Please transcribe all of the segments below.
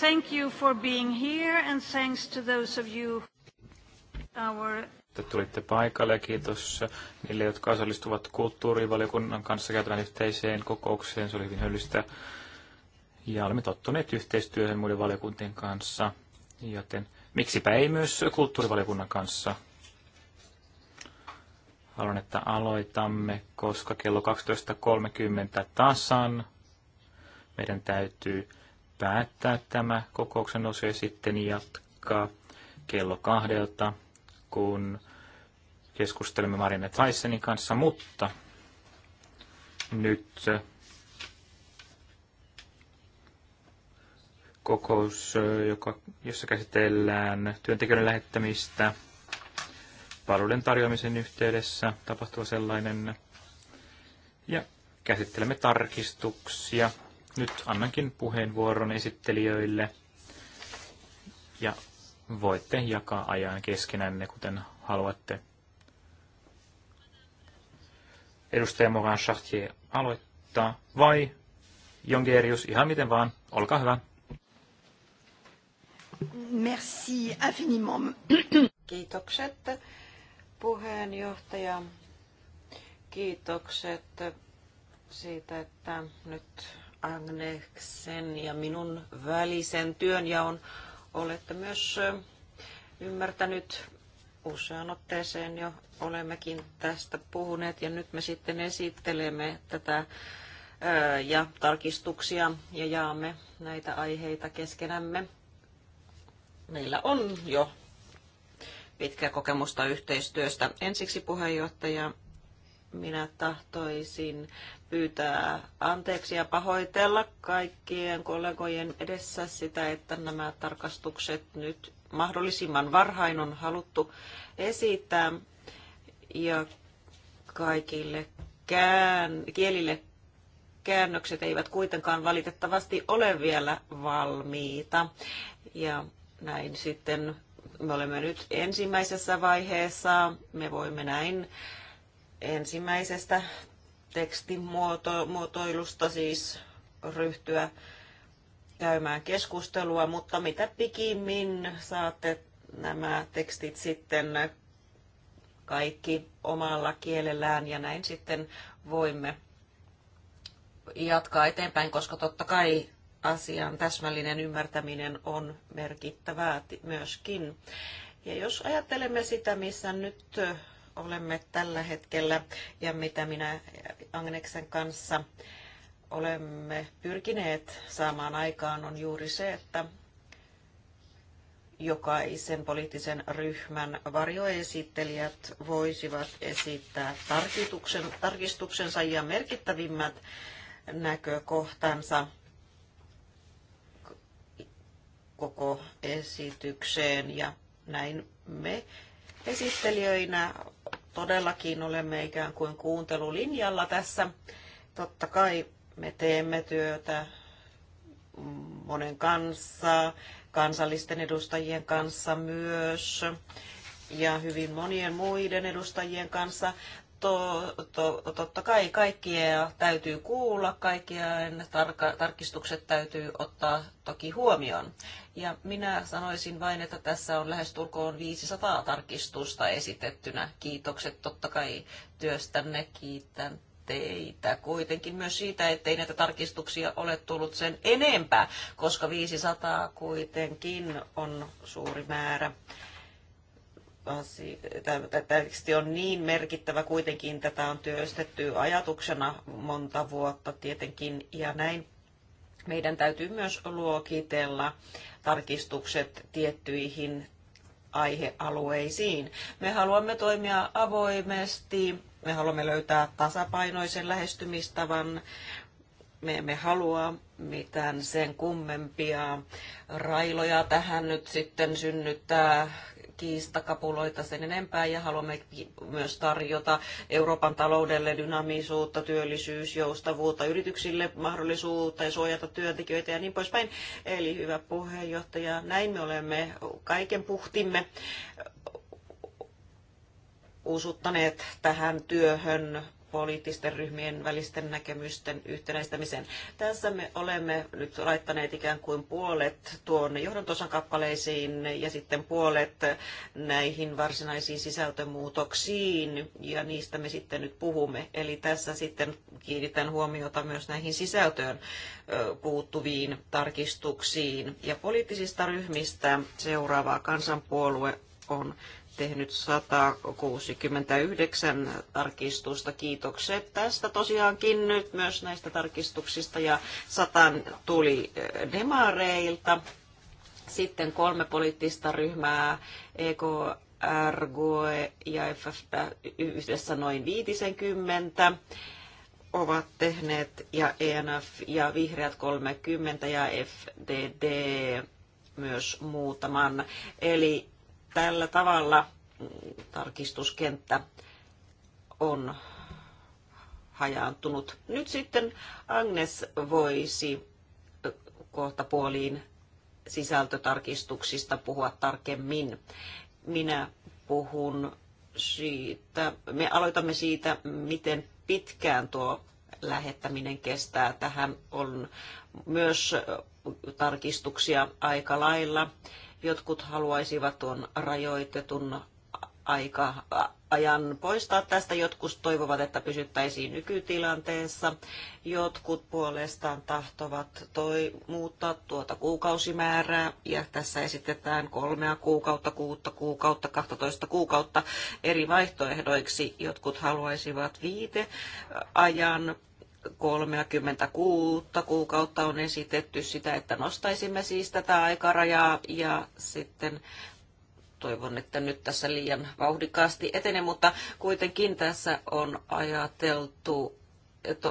Thank you for being here and thanks to those of you our että tulitte paikalle ja kiitos niille, jotka osallistuvat kulttuurivaliokunnan kanssa käytävän yhteiseen kokoukseen. Se oli hyvin hyllistä. ja olemme tottuneet yhteistyöhön muiden valiokuntien kanssa, joten miksipä ei myös kulttuurivaliokunnan kanssa. Haluan, että aloitamme, koska kello 12.30 tasan meidän täytyy päättää tämä kokouksen osio ja sitten jatkaa kello kahdelta, kun keskustelemme Marianne Tysonin kanssa, mutta nyt äh, kokous, äh, joka, jossa käsitellään työntekijöiden lähettämistä palveluiden tarjoamisen yhteydessä tapahtuva sellainen. Ja käsittelemme tarkistuksia nyt annankin puheenvuoron esittelijöille ja voitte jakaa ajan keskenänne, kuten haluatte. Edustaja Moran Chartier aloittaa, vai Jongerius, ihan miten vaan, olkaa hyvä. Merci infiniment. Kiitokset puheenjohtaja. Kiitokset siitä, että nyt Agneksen ja minun välisen työnjaon olette myös ymmärtänyt useaan otteeseen jo olemmekin tästä puhuneet ja nyt me sitten esittelemme tätä ja tarkistuksia ja jaamme näitä aiheita keskenämme. Meillä on jo pitkä kokemusta yhteistyöstä. Ensiksi puheenjohtaja minä tahtoisin pyytää anteeksi ja pahoitella kaikkien kollegojen edessä sitä, että nämä tarkastukset nyt mahdollisimman varhain on haluttu esittää ja kaikille kään, kielille käännökset eivät kuitenkaan valitettavasti ole vielä valmiita. Ja näin sitten me olemme nyt ensimmäisessä vaiheessa. Me voimme näin ensimmäisestä tekstimuotoilusta siis ryhtyä käymään keskustelua, mutta mitä pikimmin saatte nämä tekstit sitten kaikki omalla kielellään ja näin sitten voimme jatkaa eteenpäin, koska totta kai asian täsmällinen ymmärtäminen on merkittävää myöskin. Ja jos ajattelemme sitä, missä nyt olemme tällä hetkellä ja mitä minä Agneksen kanssa olemme pyrkineet saamaan aikaan on juuri se, että jokaisen poliittisen ryhmän varjoesittelijät voisivat esittää tarkistuksensa ja merkittävimmät näkökohtansa koko esitykseen ja näin me esittelijöinä todellakin olemme ikään kuin kuuntelulinjalla tässä. Totta kai me teemme työtä monen kanssa, kansallisten edustajien kanssa myös ja hyvin monien muiden edustajien kanssa to, to, totta kai kaikkia täytyy kuulla, kaikkien tarka, tarkistukset täytyy ottaa toki huomioon. Ja minä sanoisin vain, että tässä on lähestulkoon 500 tarkistusta esitettynä. Kiitokset totta kai työstänne, kiitän teitä kuitenkin myös siitä, ettei näitä tarkistuksia ole tullut sen enempää, koska 500 kuitenkin on suuri määrä asia, teksti on niin merkittävä kuitenkin, tätä on työstetty ajatuksena monta vuotta tietenkin ja näin. Meidän täytyy myös luokitella tarkistukset tiettyihin aihealueisiin. Me haluamme toimia avoimesti, me haluamme löytää tasapainoisen lähestymistavan, me emme halua mitään sen kummempia railoja tähän nyt sitten synnyttää kiistakapuloita sen enempää ja haluamme myös tarjota Euroopan taloudelle dynamisuutta, työllisyysjoustavuutta, yrityksille mahdollisuutta ja suojata työntekijöitä ja niin poispäin. Eli hyvä puheenjohtaja, näin me olemme kaiken puhtimme usuttaneet tähän työhön poliittisten ryhmien välisten näkemysten yhtenäistämiseen. Tässä me olemme nyt laittaneet ikään kuin puolet tuonne johdantosan kappaleisiin ja sitten puolet näihin varsinaisiin sisältömuutoksiin ja niistä me sitten nyt puhumme. Eli tässä sitten kiinnitän huomiota myös näihin sisältöön puuttuviin tarkistuksiin. Ja poliittisista ryhmistä seuraava kansanpuolue on tehnyt 169 tarkistusta. Kiitokset tästä tosiaankin nyt myös näistä tarkistuksista ja satan tuli eh, demareilta. Sitten kolme poliittista ryhmää, EKR, GUE ja FFP yhdessä noin 50 ovat tehneet ja ENF ja Vihreät 30 ja FDD myös muutaman. Eli tällä tavalla tarkistuskenttä on hajaantunut. Nyt sitten Agnes voisi kohta puoliin sisältötarkistuksista puhua tarkemmin. Minä puhun siitä, me aloitamme siitä, miten pitkään tuo lähettäminen kestää. Tähän on myös tarkistuksia aika lailla. Jotkut haluaisivat tuon rajoitetun aika ajan poistaa tästä. Jotkut toivovat, että pysyttäisiin nykytilanteessa. Jotkut puolestaan tahtovat toi, muuttaa tuota kuukausimäärää. Ja tässä esitetään kolmea kuukautta, kuutta kuukautta, 12 kuukautta eri vaihtoehdoiksi. Jotkut haluaisivat viite ajan 36 kuukautta on esitetty sitä, että nostaisimme siis tätä aikarajaa ja sitten toivon, että nyt tässä liian vauhdikkaasti etene, mutta kuitenkin tässä on ajateltu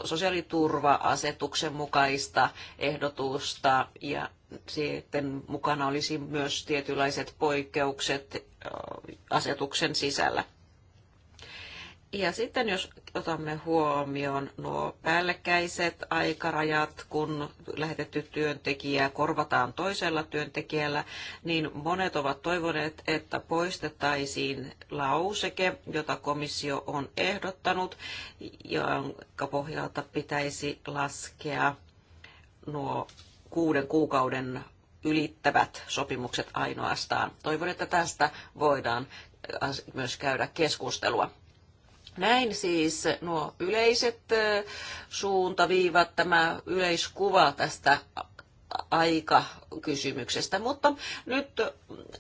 sosiaaliturva-asetuksen mukaista ehdotusta ja sitten mukana olisi myös tietynlaiset poikkeukset asetuksen sisällä. Ja sitten jos otamme huomioon nuo päällekkäiset aikarajat, kun lähetetty työntekijä korvataan toisella työntekijällä, niin monet ovat toivoneet, että poistettaisiin lauseke, jota komissio on ehdottanut, jonka pohjalta pitäisi laskea nuo kuuden kuukauden ylittävät sopimukset ainoastaan. Toivon, että tästä voidaan myös käydä keskustelua. Näin siis nuo yleiset suuntaviivat, tämä yleiskuva tästä aikakysymyksestä, mutta nyt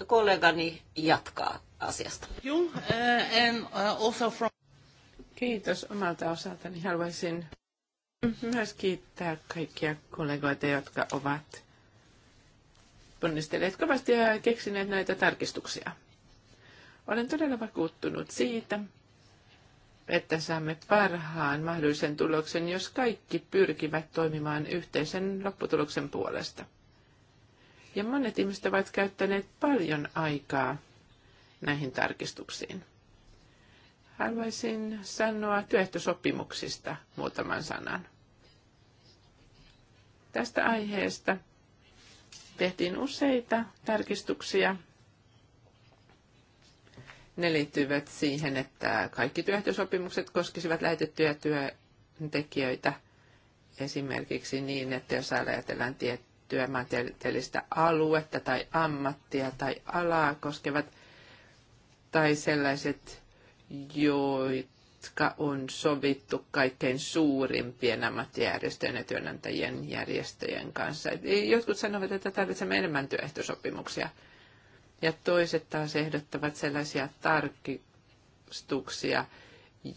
kollegani jatkaa asiasta. Uh, uh, Kiitos omalta osaltani. Haluaisin myös kiittää kaikkia kollegoita, jotka ovat ponnistelleet kovasti ja keksineet näitä tarkistuksia. Olen todella vakuuttunut siitä, että saamme parhaan mahdollisen tuloksen, jos kaikki pyrkivät toimimaan yhteisen lopputuloksen puolesta. Ja monet ihmiset ovat käyttäneet paljon aikaa näihin tarkistuksiin. Haluaisin sanoa työehtosopimuksista muutaman sanan. Tästä aiheesta tehtiin useita tarkistuksia ne liittyivät siihen, että kaikki työehtosopimukset koskisivat lähetettyjä työntekijöitä esimerkiksi niin, että jos ajatellaan tiettyä maantieteellistä aluetta tai ammattia tai alaa koskevat tai sellaiset, jotka on sovittu kaikkein suurimpien ammattijärjestöjen ja työnantajien järjestöjen kanssa. Jotkut sanovat, että tarvitsemme enemmän työehtosopimuksia. Ja toiset taas ehdottavat sellaisia tarkistuksia,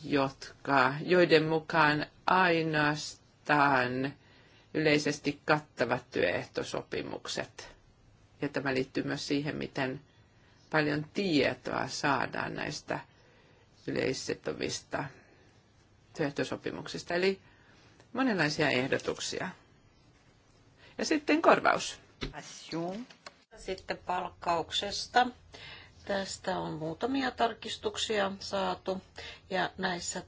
jotka, joiden mukaan ainoastaan yleisesti kattavat työehtosopimukset. Ja tämä liittyy myös siihen, miten paljon tietoa saadaan näistä yleissitovista työehtosopimuksista. Eli monenlaisia ehdotuksia. Ja sitten korvaus. Passion. Sitten palkkauksesta. Tästä on muutamia tarkistuksia saatu ja näissä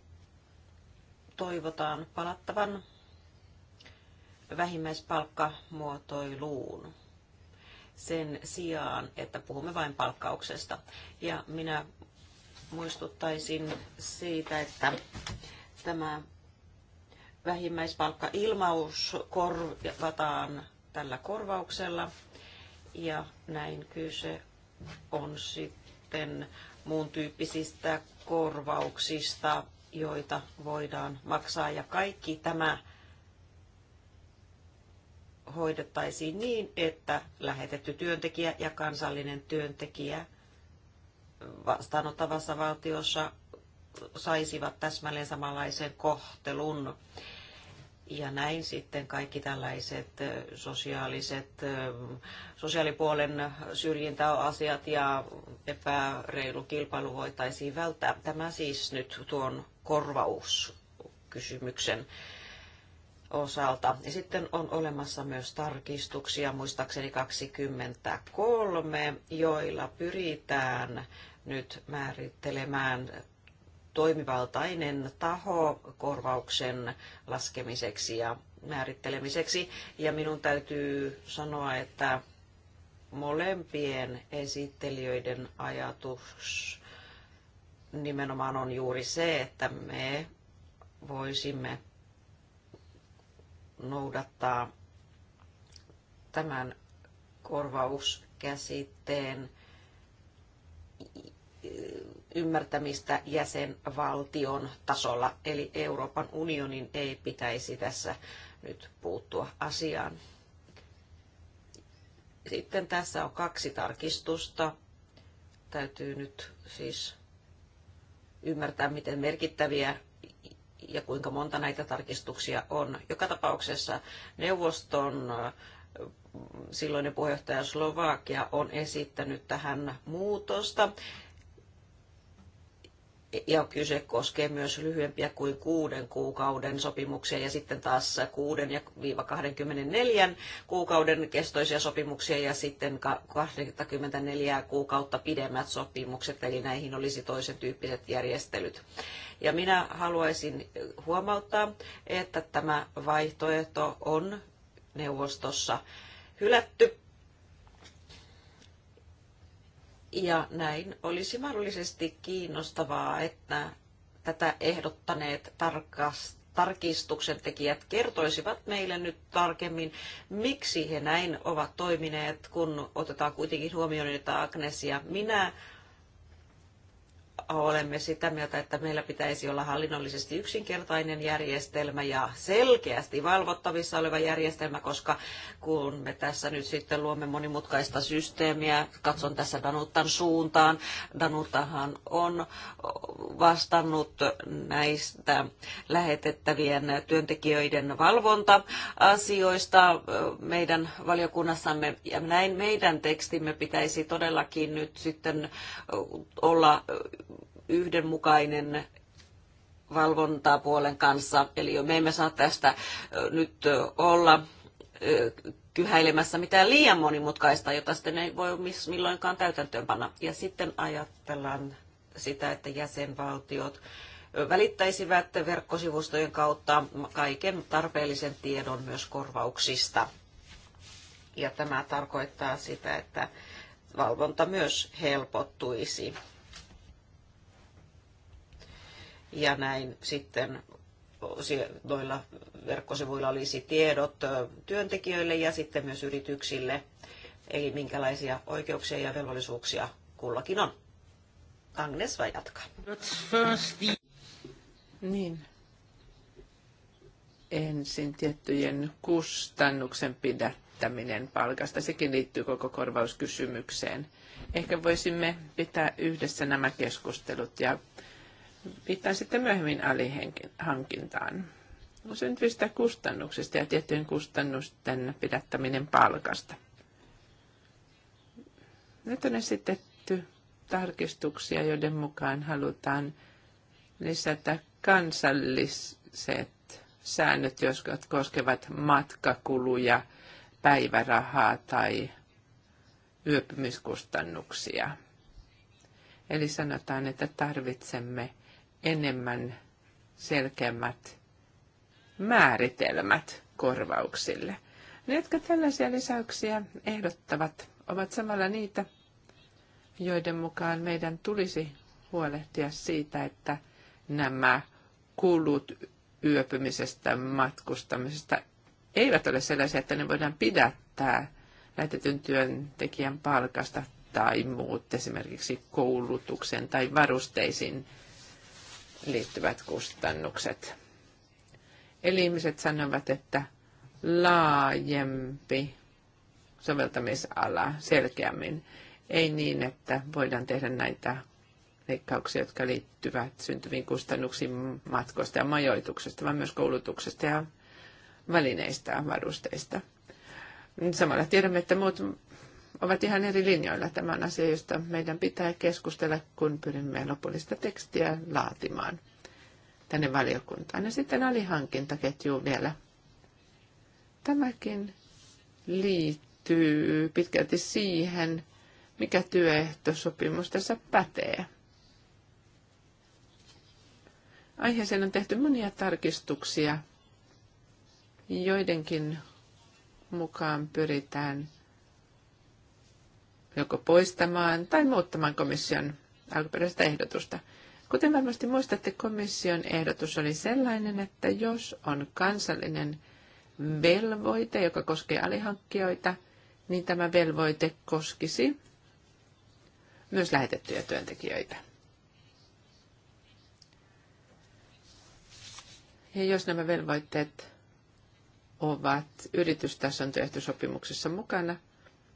toivotaan palattavan vähimmäispalkkamuotoiluun sen sijaan, että puhumme vain palkkauksesta. Ja minä muistuttaisin siitä, että tämä vähimmäispalkka korvataan tällä korvauksella, ja näin kyse on sitten muun tyyppisistä korvauksista, joita voidaan maksaa. Ja kaikki tämä hoidettaisiin niin, että lähetetty työntekijä ja kansallinen työntekijä vastaanottavassa valtiossa saisivat täsmälleen samanlaisen kohtelun. Ja näin sitten kaikki tällaiset sosiaaliset, sosiaalipuolen syrjintäasiat ja epäreilu kilpailu voitaisiin välttää. Tämä siis nyt tuon korvauskysymyksen osalta. Ja sitten on olemassa myös tarkistuksia, muistaakseni 23, joilla pyritään nyt määrittelemään toimivaltainen taho korvauksen laskemiseksi ja määrittelemiseksi. Ja minun täytyy sanoa, että molempien esittelijöiden ajatus nimenomaan on juuri se, että me voisimme noudattaa tämän korvauskäsitteen ymmärtämistä jäsenvaltion tasolla, eli Euroopan unionin ei pitäisi tässä nyt puuttua asiaan. Sitten tässä on kaksi tarkistusta. Täytyy nyt siis ymmärtää, miten merkittäviä ja kuinka monta näitä tarkistuksia on. Joka tapauksessa neuvoston äh, silloinen puheenjohtaja Slovakia on esittänyt tähän muutosta ja kyse koskee myös lyhyempiä kuin kuuden kuukauden sopimuksia ja sitten taas kuuden ja 24 kuukauden kestoisia sopimuksia ja sitten 24 kuukautta pidemmät sopimukset, eli näihin olisi toisen tyyppiset järjestelyt. Ja minä haluaisin huomauttaa, että tämä vaihtoehto on neuvostossa hylätty ja näin olisi mahdollisesti kiinnostavaa, että tätä ehdottaneet tarkast tarkistuksen tekijät kertoisivat meille nyt tarkemmin, miksi he näin ovat toimineet, kun otetaan kuitenkin huomioon, että Agnes ja minä olemme sitä mieltä, että meillä pitäisi olla hallinnollisesti yksinkertainen järjestelmä ja selkeästi valvottavissa oleva järjestelmä, koska kun me tässä nyt sitten luomme monimutkaista systeemiä, katson tässä Danuttan suuntaan, Danuttahan on vastannut näistä lähetettävien työntekijöiden valvonta-asioista meidän valiokunnassamme ja näin meidän tekstimme pitäisi todellakin nyt sitten olla yhdenmukainen valvontaa puolen kanssa. Eli me emme saa tästä nyt olla kyhäilemässä mitään liian monimutkaista, jota sitten ei voi milloinkaan täytäntöönpanna. Ja sitten ajatellaan sitä, että jäsenvaltiot välittäisivät verkkosivustojen kautta kaiken tarpeellisen tiedon myös korvauksista. Ja tämä tarkoittaa sitä, että valvonta myös helpottuisi ja näin sitten noilla verkkosivuilla olisi tiedot työntekijöille ja sitten myös yrityksille, eli minkälaisia oikeuksia ja velvollisuuksia kullakin on. Agnes vai jatkaa? Niin. Ensin tiettyjen kustannuksen pidättäminen palkasta. Sekin liittyy koko korvauskysymykseen. Ehkä voisimme pitää yhdessä nämä keskustelut ja viittaan sitten myöhemmin alihankintaan. Syntyvistä kustannuksista ja tiettyjen kustannusten pidättäminen palkasta. Nyt on esitetty tarkistuksia, joiden mukaan halutaan lisätä kansalliset säännöt, jotka koskevat matkakuluja, päivärahaa tai yöpymiskustannuksia. Eli sanotaan, että tarvitsemme enemmän selkeämmät määritelmät korvauksille. Ne, jotka tällaisia lisäyksiä ehdottavat, ovat samalla niitä, joiden mukaan meidän tulisi huolehtia siitä, että nämä kulut yöpymisestä, matkustamisesta eivät ole sellaisia, että ne voidaan pidättää lähetetyn työntekijän palkasta tai muut esimerkiksi koulutuksen tai varusteisiin liittyvät kustannukset. Eli ihmiset sanovat, että laajempi soveltamisala selkeämmin. Ei niin, että voidaan tehdä näitä leikkauksia, jotka liittyvät syntyviin kustannuksiin matkoista ja majoituksesta, vaan myös koulutuksesta ja välineistä, varusteista. Samalla tiedämme, että muut ovat ihan eri linjoilla. Tämä asian, asia, josta meidän pitää keskustella, kun pyrimme lopullista tekstiä laatimaan tänne valiokuntaan. Ja sitten alihankintaketju vielä. Tämäkin liittyy pitkälti siihen, mikä työehtosopimus tässä pätee. Aiheeseen on tehty monia tarkistuksia. Joidenkin mukaan pyritään joko poistamaan tai muuttamaan komission alkuperäistä ehdotusta. Kuten varmasti muistatte, komission ehdotus oli sellainen, että jos on kansallinen velvoite, joka koskee alihankkijoita, niin tämä velvoite koskisi myös lähetettyjä työntekijöitä. Ja jos nämä velvoitteet ovat yritystason työehtosopimuksessa mukana,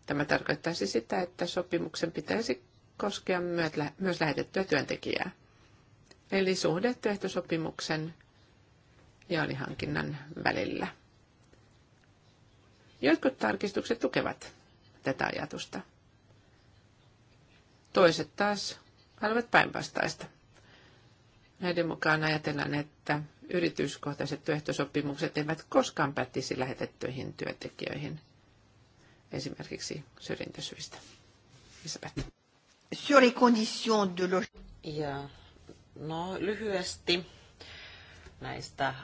Tämä tarkoittaisi sitä, että sopimuksen pitäisi koskea myös lähetettyä työntekijää. Eli suhde työehtosopimuksen ja alihankinnan välillä. Jotkut tarkistukset tukevat tätä ajatusta. Toiset taas haluavat päinvastaista. Näiden mukaan ajatellaan, että yrityskohtaiset työehtosopimukset eivät koskaan pätisi lähetettyihin työntekijöihin – esimerkiksi syrjintäsyistä. Elisabeth. Sur les conditions de ja, no lyhyesti näistä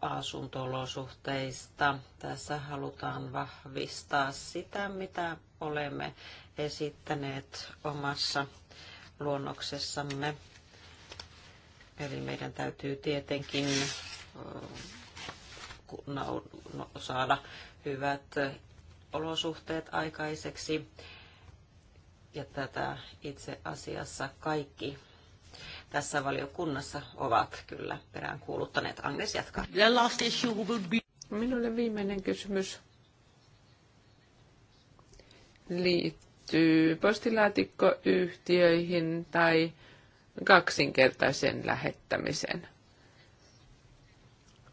asuntolosuhteista. Tässä halutaan vahvistaa sitä, mitä olemme esittäneet omassa luonnoksessamme. Eli meidän täytyy tietenkin no, saada hyvät olosuhteet aikaiseksi. Ja tätä itse asiassa kaikki tässä valiokunnassa ovat kyllä peräänkuuluttaneet. Agnes jatkaa. Minulle viimeinen kysymys liittyy postilaatikkoyhtiöihin tai kaksinkertaisen lähettämisen.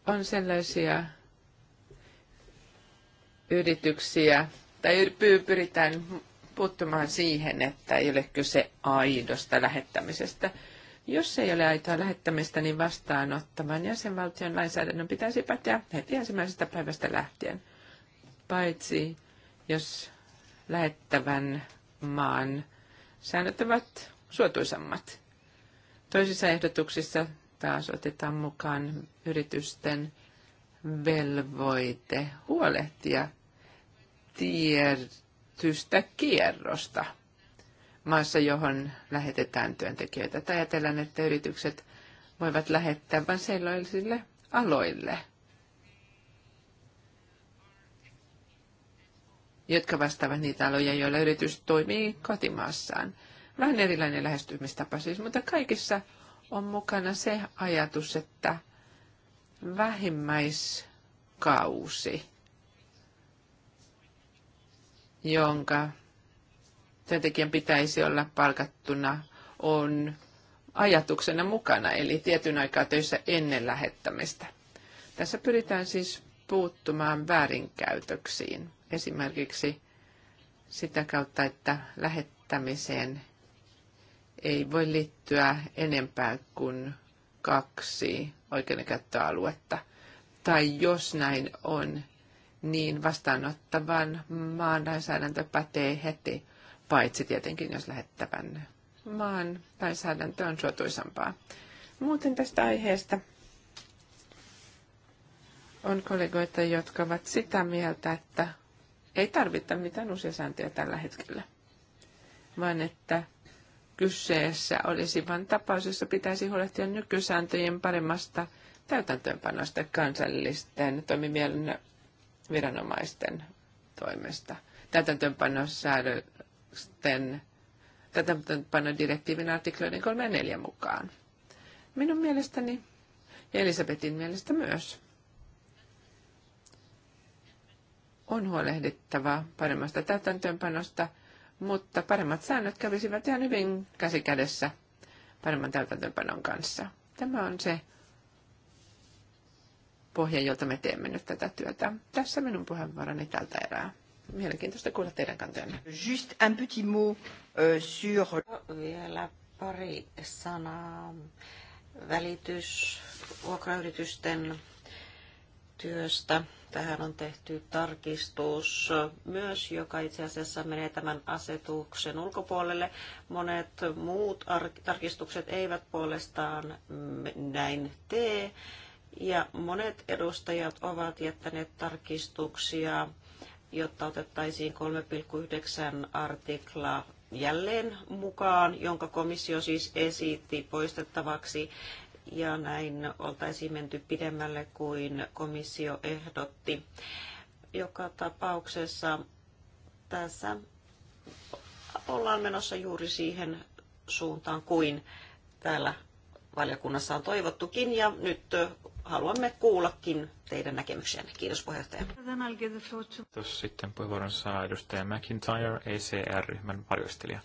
On sellaisia yrityksiä, tai pyritään puuttumaan siihen, että ei ole kyse aidosta lähettämisestä. Jos ei ole aitoa lähettämistä, niin vastaanottavan jäsenvaltion lainsäädännön pitäisi päteä heti ensimmäisestä päivästä lähtien. Paitsi jos lähettävän maan säännöt ovat suotuisammat. Toisissa ehdotuksissa taas otetaan mukaan yritysten velvoite huolehtia tietystä kierrosta maassa, johon lähetetään työntekijöitä. Tai ajatellaan, että yritykset voivat lähettää vain sellaisille aloille, jotka vastaavat niitä aloja, joilla yritys toimii kotimaassaan. Vähän erilainen lähestymistapa siis, mutta kaikissa on mukana se ajatus, että vähimmäiskausi – jonka työntekijän pitäisi olla palkattuna, on ajatuksena mukana, eli tietyn aikaa töissä ennen lähettämistä. Tässä pyritään siis puuttumaan väärinkäytöksiin. Esimerkiksi sitä kautta, että lähettämiseen ei voi liittyä enempää kuin kaksi oikeudenkäyttöaluetta. Tai jos näin on, niin vastaanottavan maan lainsäädäntö pätee heti, paitsi tietenkin jos lähettävän maan lainsäädäntö on suotuisampaa. Muuten tästä aiheesta on kollegoita, jotka ovat sitä mieltä, että ei tarvita mitään uusia sääntöjä tällä hetkellä, vaan että kyseessä olisi vain tapaus, jossa pitäisi huolehtia nykysääntöjen paremmasta täytäntöönpanosta kansallisten toimimielinen viranomaisten toimesta. Täytäntöönpanosäädösten, direktiivin artikloiden 3 ja 4 mukaan. Minun mielestäni ja Elisabetin mielestä myös. On huolehdittava paremmasta täytäntöönpanosta, mutta paremmat säännöt kävisivät ihan hyvin käsikädessä paremman täytäntöönpanon kanssa. Tämä on se pohja, jolta me teemme nyt tätä työtä. Tässä minun puheenvuoroni tältä erää. Mielenkiintoista kuulla teidän kantajanne. Just un petit mot uh, sur... No, vielä pari sanaa. Välitys vuokrayritysten työstä. Tähän on tehty tarkistus myös, joka itse asiassa menee tämän asetuksen ulkopuolelle. Monet muut tarkistukset eivät puolestaan näin tee ja monet edustajat ovat jättäneet tarkistuksia, jotta otettaisiin 3,9 artikla jälleen mukaan, jonka komissio siis esitti poistettavaksi ja näin oltaisiin menty pidemmälle kuin komissio ehdotti. Joka tapauksessa tässä ollaan menossa juuri siihen suuntaan kuin täällä valiokunnassa on toivottukin ja nyt haluamme kuullakin teidän näkemyksenne. Kiitos puheenjohtaja. Kiitos. Sitten puheenvuoron saa edustaja McIntyre, ECR-ryhmän varjoistelija.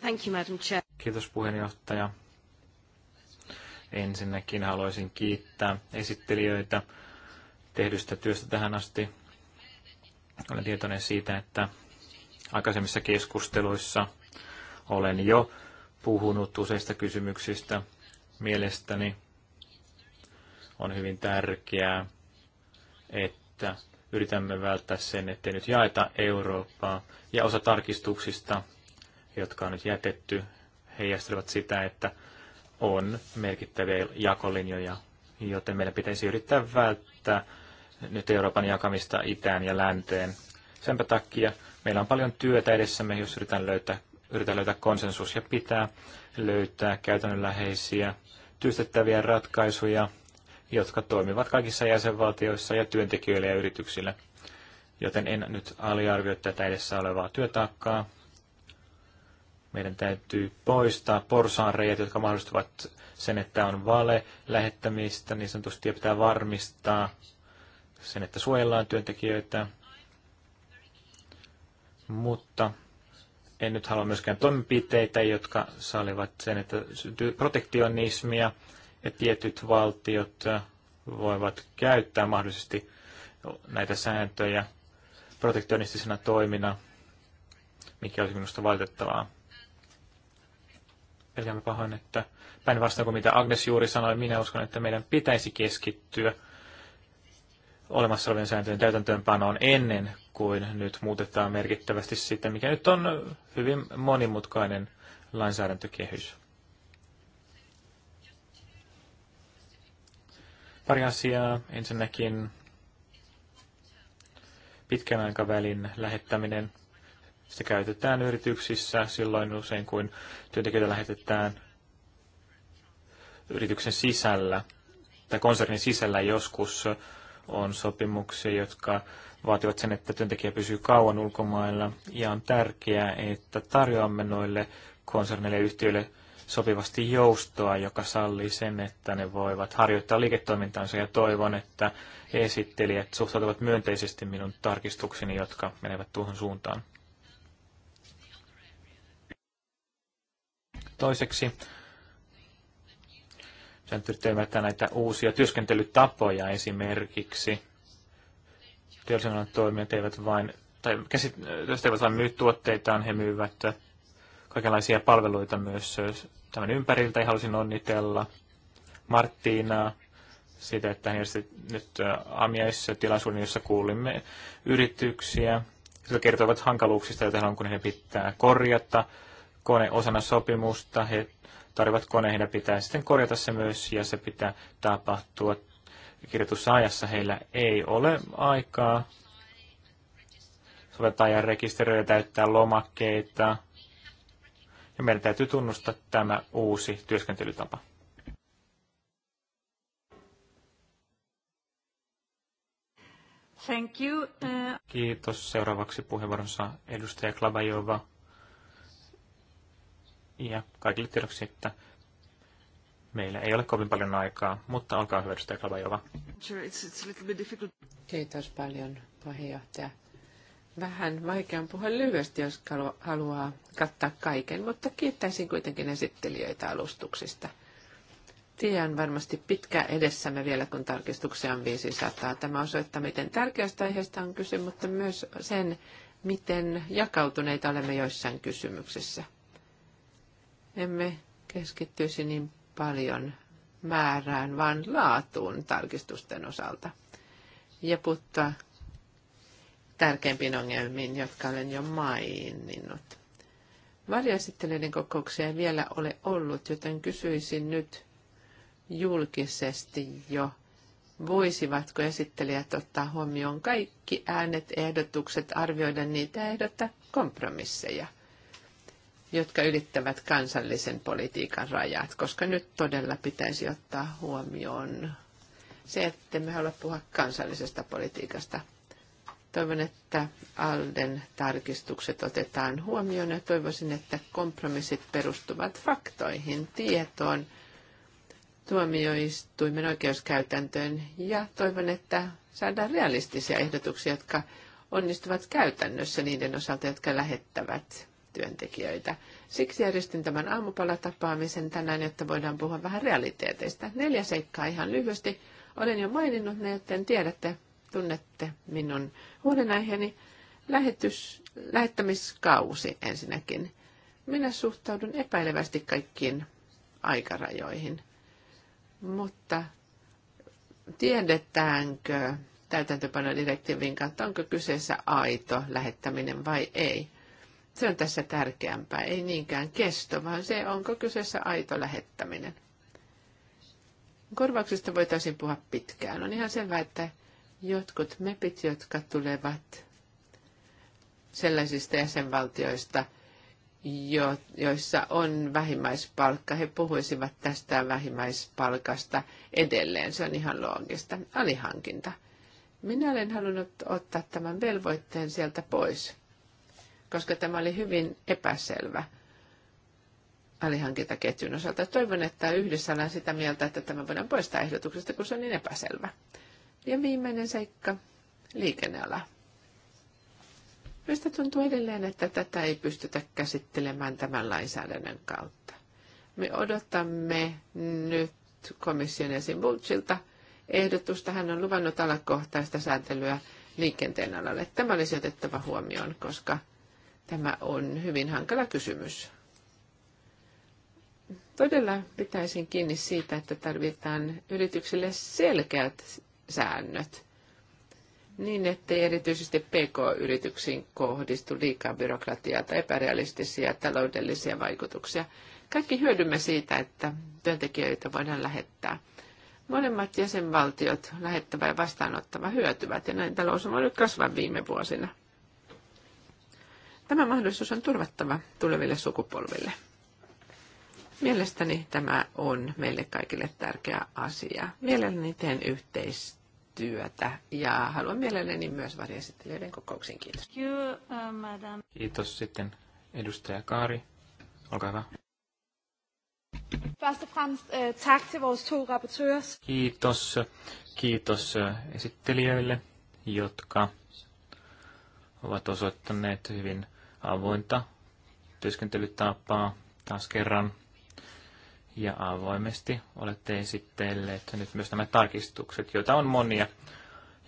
Thank you, Madam Chair. Kiitos puheenjohtaja. Ensinnäkin haluaisin kiittää esittelijöitä tehdystä työstä tähän asti. Olen tietoinen siitä, että aikaisemmissa keskusteluissa olen jo puhunut useista kysymyksistä. Mielestäni on hyvin tärkeää, että yritämme välttää sen, ettei nyt jaeta Eurooppaa. Ja osa tarkistuksista, jotka on nyt jätetty, heijastelevat sitä, että on merkittäviä jakolinjoja, joten meidän pitäisi yrittää välttää nyt Euroopan jakamista itään ja länteen. Senpä takia meillä on paljon työtä edessämme, jos yritetään löytää, yritetään löytää konsensus ja pitää löytää käytännönläheisiä, työstettäviä ratkaisuja jotka toimivat kaikissa jäsenvaltioissa ja työntekijöille ja yrityksille. Joten en nyt aliarvioi tätä edessä olevaa työtaakkaa. Meidän täytyy poistaa porsaanreijät, jotka mahdollistavat sen, että on vale lähettämistä niin sanotusti ja pitää varmistaa sen, että suojellaan työntekijöitä. Mutta en nyt halua myöskään toimenpiteitä, jotka sallivat sen, että syntyy protektionismia ja tietyt valtiot äh, voivat käyttää mahdollisesti näitä sääntöjä protektionistisena toimina, mikä olisi minusta valitettavaa. Pelkäämme pahoin, että päinvastoin kuin mitä Agnes juuri sanoi, minä uskon, että meidän pitäisi keskittyä olemassa olevien sääntöjen täytäntöönpanoon ennen kuin nyt muutetaan merkittävästi sitä, mikä nyt on hyvin monimutkainen lainsäädäntökehys. Pari asiaa. Ensinnäkin pitkän aikavälin lähettäminen. Sitä käytetään yrityksissä silloin usein, kun työntekijöitä lähetetään yrityksen sisällä tai konsernin sisällä joskus on sopimuksia, jotka vaativat sen, että työntekijä pysyy kauan ulkomailla. Ja on tärkeää, että tarjoamme noille konserneille ja yhtiöille sopivasti joustoa, joka sallii sen, että ne voivat harjoittaa liiketoimintaansa ja toivon, että esittelijät suhtautuvat myönteisesti minun tarkistukseni, jotka menevät tuohon suuntaan. Toiseksi sen yrittää näitä uusia työskentelytapoja esimerkiksi. Työllisyyden toimijat eivät vain, tai käsit, eivät vain myy tuotteitaan, he myyvät kaikenlaisia palveluita myös tämän ympäriltä ja halusin onnitella Marttiinaa siitä, että hän nyt tilaisuuden, jossa kuulimme yrityksiä, jotka kertovat hankaluuksista, joita on, kun he pitää korjata kone osana sopimusta. He tarvitsevat koneen, heidän pitää sitten korjata se myös ja se pitää tapahtua kirjoitussa ajassa. Heillä ei ole aikaa soveltaa ja rekisteröidä, täyttää lomakkeita, ja meidän täytyy tunnustaa tämä uusi työskentelytapa. Thank you. Uh... Kiitos. Seuraavaksi puheenvuoronsa edustaja Klabajova. Ja kaikille tiedoksi, että meillä ei ole kovin paljon aikaa, mutta olkaa hyvä, edustaja Klabajova. Kiitos paljon, puheenjohtaja vähän vaikean puhua lyhyesti, jos haluaa kattaa kaiken, mutta kiittäisin kuitenkin esittelijöitä alustuksista. Tie on varmasti pitkä edessämme vielä, kun tarkistuksia on 500. Tämä osoittaa, miten tärkeästä aiheesta on kyse, mutta myös sen, miten jakautuneita olemme joissain kysymyksissä. Emme keskittyisi niin paljon määrään, vaan laatuun tarkistusten osalta. Ja puuttua tärkeimpiin ongelmiin, jotka olen jo maininnut. Varjoesittelyiden kokouksia ei vielä ole ollut, joten kysyisin nyt julkisesti jo, voisivatko esittelijät ottaa huomioon kaikki äänet, ehdotukset, arvioida niitä ehdotta ehdottaa kompromisseja, jotka ylittävät kansallisen politiikan rajat, koska nyt todella pitäisi ottaa huomioon se, että me halua puhua kansallisesta politiikasta – Toivon, että Alden tarkistukset otetaan huomioon ja toivoisin, että kompromissit perustuvat faktoihin, tietoon, tuomioistuimen oikeuskäytäntöön ja toivon, että saadaan realistisia ehdotuksia, jotka onnistuvat käytännössä niiden osalta, jotka lähettävät työntekijöitä. Siksi järjestin tämän aamupalatapaamisen tänään, jotta voidaan puhua vähän realiteeteista. Neljä seikkaa ihan lyhyesti. Olen jo maininnut ne, joten tiedätte, tunnette minun huolenaiheeni. Lähetys, lähettämiskausi ensinnäkin. Minä suhtaudun epäilevästi kaikkiin aikarajoihin, mutta tiedetäänkö täytäntöpanodirektiivin kautta, onko kyseessä aito lähettäminen vai ei. Se on tässä tärkeämpää, ei niinkään kesto, vaan se, onko kyseessä aito lähettäminen. Korvauksista voitaisiin puhua pitkään. On ihan selvää, että jotkut mepit, jotka tulevat sellaisista jäsenvaltioista, jo, joissa on vähimmäispalkka. He puhuisivat tästä vähimmäispalkasta edelleen. Se on ihan loogista. Alihankinta. Minä olen halunnut ottaa tämän velvoitteen sieltä pois, koska tämä oli hyvin epäselvä alihankintaketjun osalta. Toivon, että yhdessä ollaan sitä mieltä, että tämä voidaan poistaa ehdotuksesta, kun se on niin epäselvä. Ja viimeinen seikka, liikenneala. Mistä tuntuu edelleen, että tätä ei pystytä käsittelemään tämän lainsäädännön kautta. Me odotamme nyt komission esim. Bulchilta ehdotusta. Hän on luvannut alakohtaista sääntelyä liikenteen alalle. Tämä olisi otettava huomioon, koska tämä on hyvin hankala kysymys. Todella pitäisin kiinni siitä, että tarvitaan yrityksille selkeät säännöt niin, ettei erityisesti PK-yrityksiin kohdistu liikaa byrokratiaa tai epärealistisia taloudellisia vaikutuksia. Kaikki hyödymme siitä, että työntekijöitä voidaan lähettää. Molemmat jäsenvaltiot, lähettävä ja vastaanottava, hyötyvät ja näin talous on voinut kasvaa viime vuosina. Tämä mahdollisuus on turvattava tuleville sukupolville. Mielestäni tämä on meille kaikille tärkeä asia. Mielelläni teen yhteistyötä työtä ja haluan mielelläni myös varjoesittelijöiden kokouksiin. Kiitos. Uh, Kiitos sitten edustaja Kaari. Olkaa hyvä. Først og fremmest uh, tak vores to rapportører. Kiitos. Kiitos uh, esittelijöille, jotka ovat osoittaneet hyvin avointa työskentelytapaa taas kerran ja avoimesti olette esitelleet nyt myös nämä tarkistukset, joita on monia.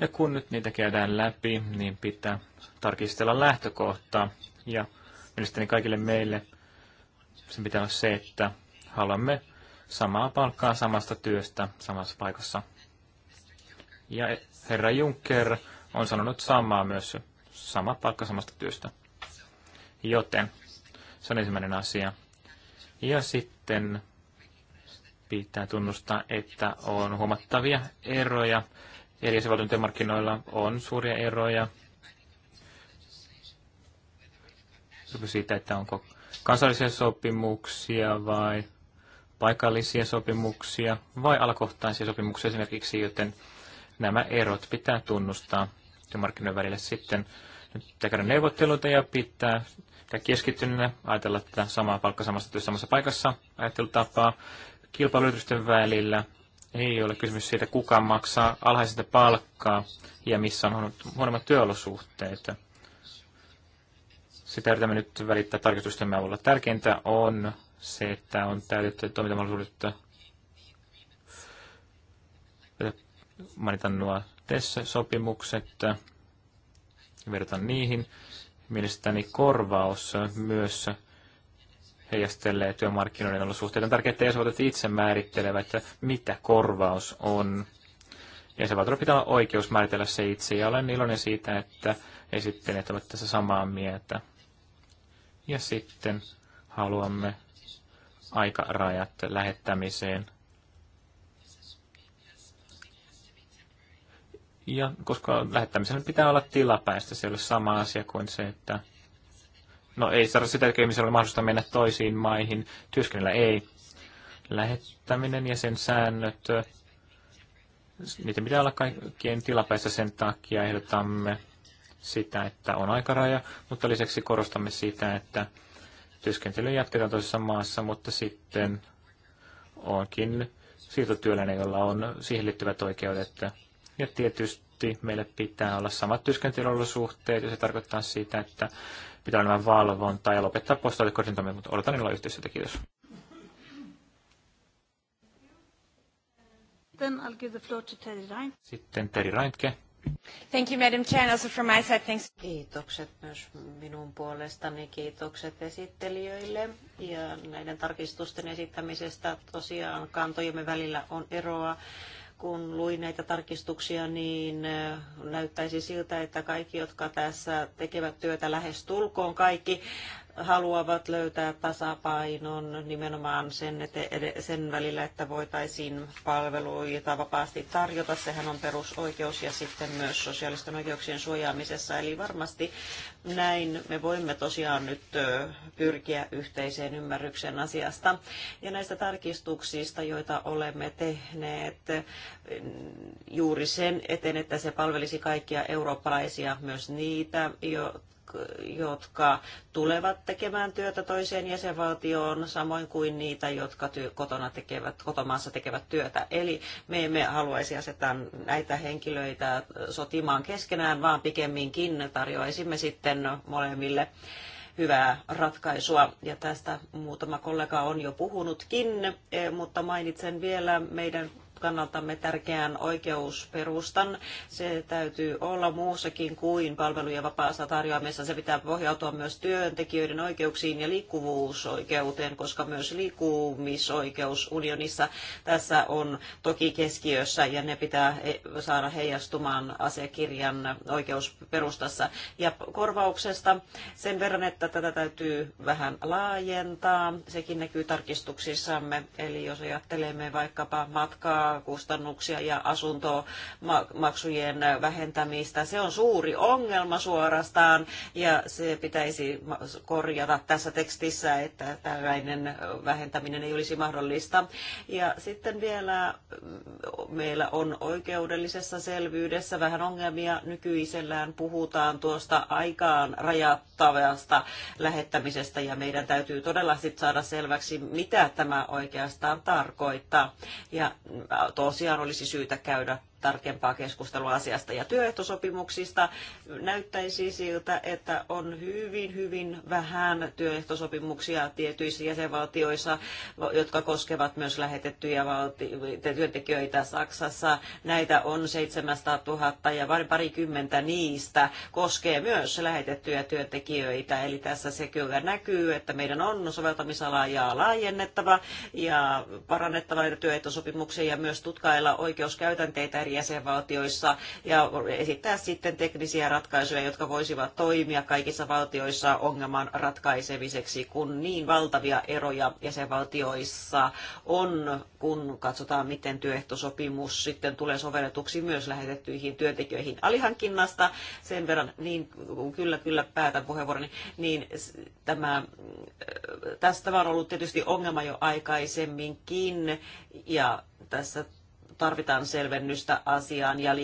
Ja kun nyt niitä käydään läpi, niin pitää tarkistella lähtökohtaa. Ja mielestäni kaikille meille sen pitää olla se, että haluamme samaa palkkaa samasta työstä samassa paikassa. Ja herra Juncker on sanonut samaa myös, sama palkka samasta työstä. Joten se on ensimmäinen asia. Ja sitten pitää tunnustaa, että on huomattavia eroja. Eri jäsenvaltion työmarkkinoilla on suuria eroja. Siitä, että onko kansallisia sopimuksia vai paikallisia sopimuksia vai alakohtaisia sopimuksia esimerkiksi, joten nämä erot pitää tunnustaa työmarkkinoiden välille sitten. Nyt pitää käydä neuvotteluita ja pitää keskittyneenä ajatella tätä samaa samassa työssä samassa paikassa ajattelutapaa kilpailuyritysten välillä. Ei ole kysymys siitä, kuka maksaa alhaisinta palkkaa ja missä on huonommat työolosuhteet. Sitä yritämme nyt välittää tarkistustemme avulla. Tärkeintä on se, että on täytetty toimintamahdollisuudet Mainitan nuo TES-sopimukset, vertaan niihin. Mielestäni korvaus myös heijastelee työmarkkinoiden olosuhteita. On tärkeää, että jäsenvaltiot itse määrittelevät, että mitä korvaus on. ja Jäsenvaltiolla pitää olla oikeus määritellä se itse, ja olen iloinen siitä, että esittelijät ovat tässä samaa mieltä. Ja sitten haluamme aikarajat lähettämiseen. Ja koska lähettämisen pitää olla tilapäistä, se ei ole sama asia kuin se, että No ei tarkoita sitä, että ihmisellä ole mahdollista mennä toisiin maihin. Työskennellä ei. Lähettäminen ja sen säännöt, niitä pitää olla kaikkien tilapäissä sen takia. Ehdotamme sitä, että on aikaraja, mutta lisäksi korostamme sitä, että työskentely jatketaan toisessa maassa, mutta sitten onkin siirtotyöläinen, jolla on siihen liittyvät oikeudet. Ja tietysti meille pitää olla samat työskentelyolosuhteet, ja se tarkoittaa sitä, että pitää nämä valvontaa ja lopettaa postautit kohdentaminen, mutta odotan niillä yhteistyötä. Kiitos. Then I'll give the floor to Terry Sitten Terry Reintke. Thank you, Madam Chair. Also from my side, thanks. Kiitokset myös minun puolestani. Kiitokset esittelijöille ja näiden tarkistusten esittämisestä. Tosiaan kantojemme välillä on eroa kun luin näitä tarkistuksia, niin näyttäisi siltä, että kaikki, jotka tässä tekevät työtä lähes tulkoon kaikki, haluavat löytää tasapainon nimenomaan sen, että sen välillä, että voitaisiin palveluita vapaasti tarjota. Sehän on perusoikeus ja sitten myös sosiaalisten oikeuksien suojaamisessa. Eli varmasti näin me voimme tosiaan nyt pyrkiä yhteiseen ymmärrykseen asiasta. Ja näistä tarkistuksista, joita olemme tehneet juuri sen eteen, että se palvelisi kaikkia eurooppalaisia, myös niitä, jo, jotka tulevat tekemään työtä toiseen jäsenvaltioon, samoin kuin niitä, jotka ty- kotona tekevät, kotomaassa tekevät työtä. Eli me emme haluaisi asettaa näitä henkilöitä sotimaan keskenään, vaan pikemminkin tarjoaisimme sitten molemmille hyvää ratkaisua. Ja tästä muutama kollega on jo puhunutkin, eh, mutta mainitsen vielä meidän kannaltamme tärkeän oikeusperustan. Se täytyy olla muussakin kuin palvelujen vapaassa tarjoamisessa. Se pitää pohjautua myös työntekijöiden oikeuksiin ja liikkuvuusoikeuteen, koska myös liikkumisoikeus unionissa tässä on toki keskiössä ja ne pitää saada heijastumaan asiakirjan oikeusperustassa. Ja korvauksesta sen verran, että tätä täytyy vähän laajentaa. Sekin näkyy tarkistuksissamme. Eli jos ajattelemme vaikkapa matkaa kustannuksia ja asuntomaksujen vähentämistä. Se on suuri ongelma suorastaan ja se pitäisi korjata tässä tekstissä, että tällainen vähentäminen ei olisi mahdollista. Ja sitten vielä mm, meillä on oikeudellisessa selvyydessä vähän ongelmia. Nykyisellään puhutaan tuosta aikaan rajattavasta lähettämisestä ja meidän täytyy todella sitten saada selväksi, mitä tämä oikeastaan tarkoittaa. Ja mm, tosiaan olisi syytä käydä tarkempaa keskustelua asiasta ja työehtosopimuksista. Näyttäisi siltä, että on hyvin, hyvin vähän työehtosopimuksia tietyissä jäsenvaltioissa, jotka koskevat myös lähetettyjä valti- työntekijöitä Saksassa. Näitä on 700 000 ja vain parikymmentä niistä koskee myös lähetettyjä työntekijöitä. Eli tässä se kyllä näkyy, että meidän on soveltamisalaa ja laajennettava ja parannettava näitä työehtosopimuksia ja myös tutkailla oikeuskäytänteitä eri eri jäsenvaltioissa ja esittää sitten teknisiä ratkaisuja, jotka voisivat toimia kaikissa valtioissa ongelman ratkaisemiseksi, kun niin valtavia eroja jäsenvaltioissa on, kun katsotaan, miten työehtosopimus sitten tulee sovelletuksi myös lähetettyihin työntekijöihin alihankinnasta. Sen verran, niin kyllä, kyllä päätän puheenvuoroni, niin tämä, äh, tästä on ollut tietysti ongelma jo aikaisemminkin ja tässä tarvitaan selvennystä asiaan ja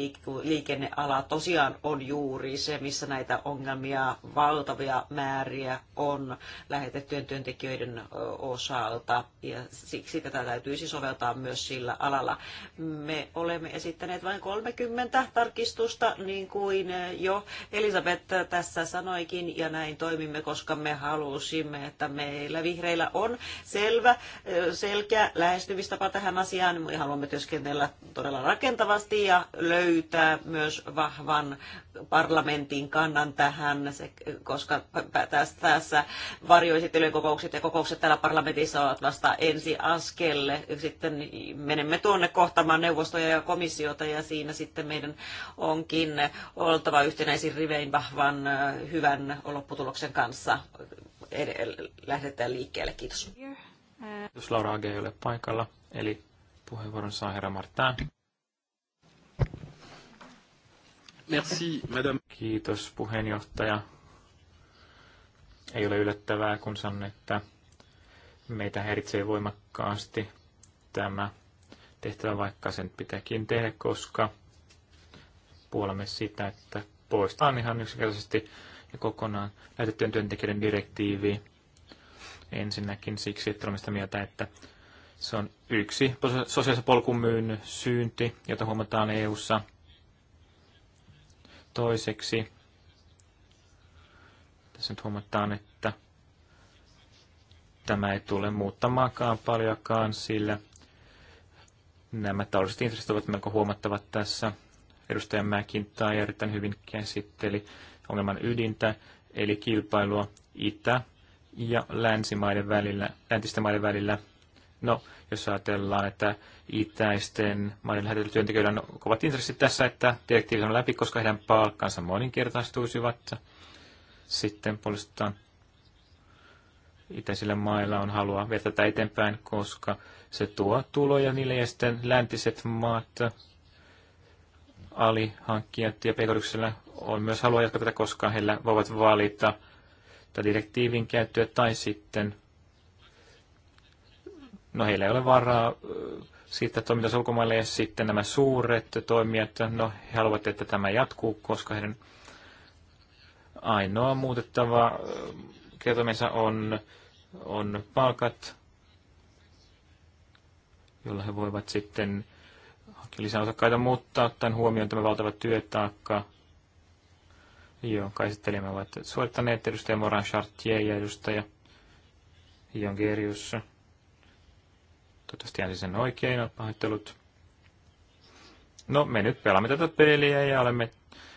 liikenneala tosiaan on juuri se, missä näitä ongelmia valtavia määriä on lähetettyjen työntekijöiden osalta ja siksi tätä täytyisi soveltaa myös sillä alalla. Me olemme esittäneet vain 30 tarkistusta niin kuin jo Elisabeth tässä sanoikin ja näin toimimme, koska me halusimme, että meillä vihreillä on selvä, selkeä lähestymistapa tähän asiaan. Me haluamme työskennellä työtä todella rakentavasti ja löytää myös vahvan parlamentin kannan tähän, koska tässä varjoesittelyjen kokoukset ja kokoukset täällä parlamentissa ovat vasta ensi askelle. Sitten menemme tuonne kohtamaan neuvostoja ja komissiota ja siinä sitten meidän onkin oltava yhtenäisin rivein vahvan hyvän lopputuloksen kanssa. Lähdetään liikkeelle. Kiitos. Jos Laura Age ei ole paikalla, eli Puheenvuoron saa herra Martin. Merci, madame. Kiitos, puheenjohtaja. Ei ole yllättävää, kun sanon, että meitä häiritsee voimakkaasti tämä tehtävä, vaikka sen pitääkin tehdä, koska puolemme sitä, että poistetaan ihan yksinkertaisesti ja kokonaan lähetettyjen työntekijöiden direktiivi. Ensinnäkin siksi, että olemme sitä mieltä, että se on yksi sosiaalisen myyn syynti, jota huomataan EU:ssa. Toiseksi tässä nyt huomataan, että tämä ei tule muuttamaankaan paljonkaan, sillä nämä taloudelliset intressit ovat melko huomattavat tässä. Edustaja Mäkintai erittäin hyvin käsitteli ongelman ydintä, eli kilpailua Itä- ja länsimaiden välillä, läntisten maiden välillä – No, jos ajatellaan, että itäisten maiden lähetetyillä työntekijöillä on kovat intressit tässä, että direktiivi on läpi, koska heidän palkkansa moninkertaistuisivat. Sitten puolestaan itäisillä mailla on halua viedä tätä eteenpäin, koska se tuo tuloja niille ja sitten läntiset maat, alihankkijat ja pk on myös halua jatkaa tätä, koska heillä voivat valita tätä direktiivin käyttöä tai sitten no heillä ei ole varaa siitä toimintaan ulkomaille ja sitten nämä suuret toimijat, no he haluavat, että tämä jatkuu, koska heidän ainoa muutettava kertomensa on, on palkat, jolla he voivat sitten hakea lisää osakkaita, mutta ottaen huomioon tämä valtava työtaakka, jonka esittelijämme ovat suorittaneet edustaja Moran Chartier ja edustaja Jongerius. Toivottavasti ensin sen oikein, pahoittelut. No, me nyt pelaamme tätä peliä ja olemme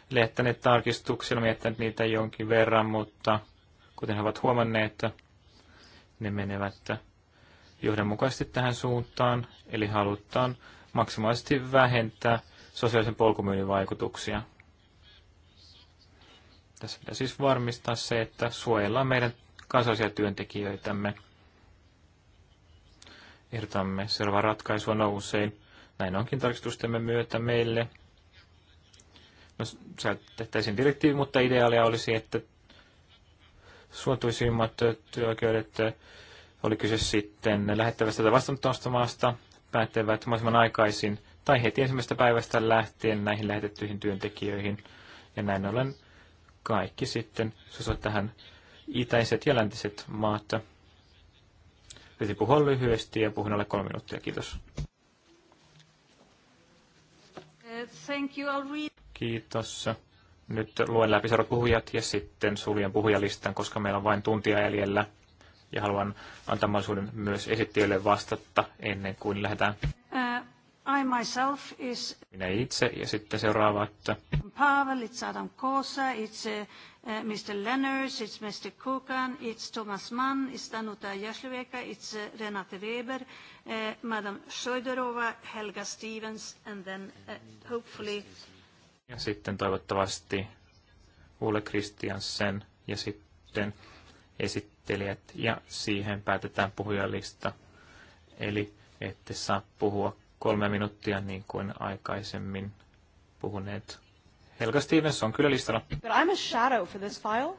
lehtäneet tarkistuksilla, miettäneet niitä jonkin verran, mutta kuten he ovat huomanneet, että ne menevät johdonmukaisesti tähän suuntaan, eli halutaan maksimaalisesti vähentää sosiaalisen polkumyynnin vaikutuksia. Tässä pitää siis varmistaa se, että suojellaan meidän kansallisia työntekijöitämme – irtamme seuraavaa ratkaisua nousein. Näin onkin tarkistustemme myötä meille. No, tehtäisiin direktiivi, mutta ideaalia olisi, että suotuisimmat työoikeudet, oli kyse sitten lähettävästä tai vastaanottavasta maasta, päättävät mahdollisimman aikaisin tai heti ensimmäisestä päivästä lähtien näihin lähetettyihin työntekijöihin. Ja näin ollen kaikki sitten suosivat tähän itäiset ja läntiset maat piti puhua lyhyesti ja puhun alle kolme minuuttia. Kiitos. Thank you. I'll read. Kiitos. Nyt luen läpi seuraavat puhujat ja sitten suljen puhujalistan, koska meillä on vain tuntia jäljellä. Ja haluan antaa mahdollisuuden myös esittäjille vastata ennen kuin lähdetään I myself is... Minä itse ja sitten että Pavel, it's Adam Kosa, it's uh, uh Mr. Lenners, it's Mr. Kukan, it's Thomas Mann, it's Danuta Jasluveka, it's uh, Renate Weber, uh, Madam Šojderova, Helga Stevens and then uh, hopefully... Ja sitten toivottavasti Ulle Kristiansen ja sitten esittelijät ja siihen päätetään puhujalista. Eli ette saa puhua kolme minuuttia niin kuin aikaisemmin puhuneet. Helga Stevens on kyllä listana. But I'm a shadow for this file.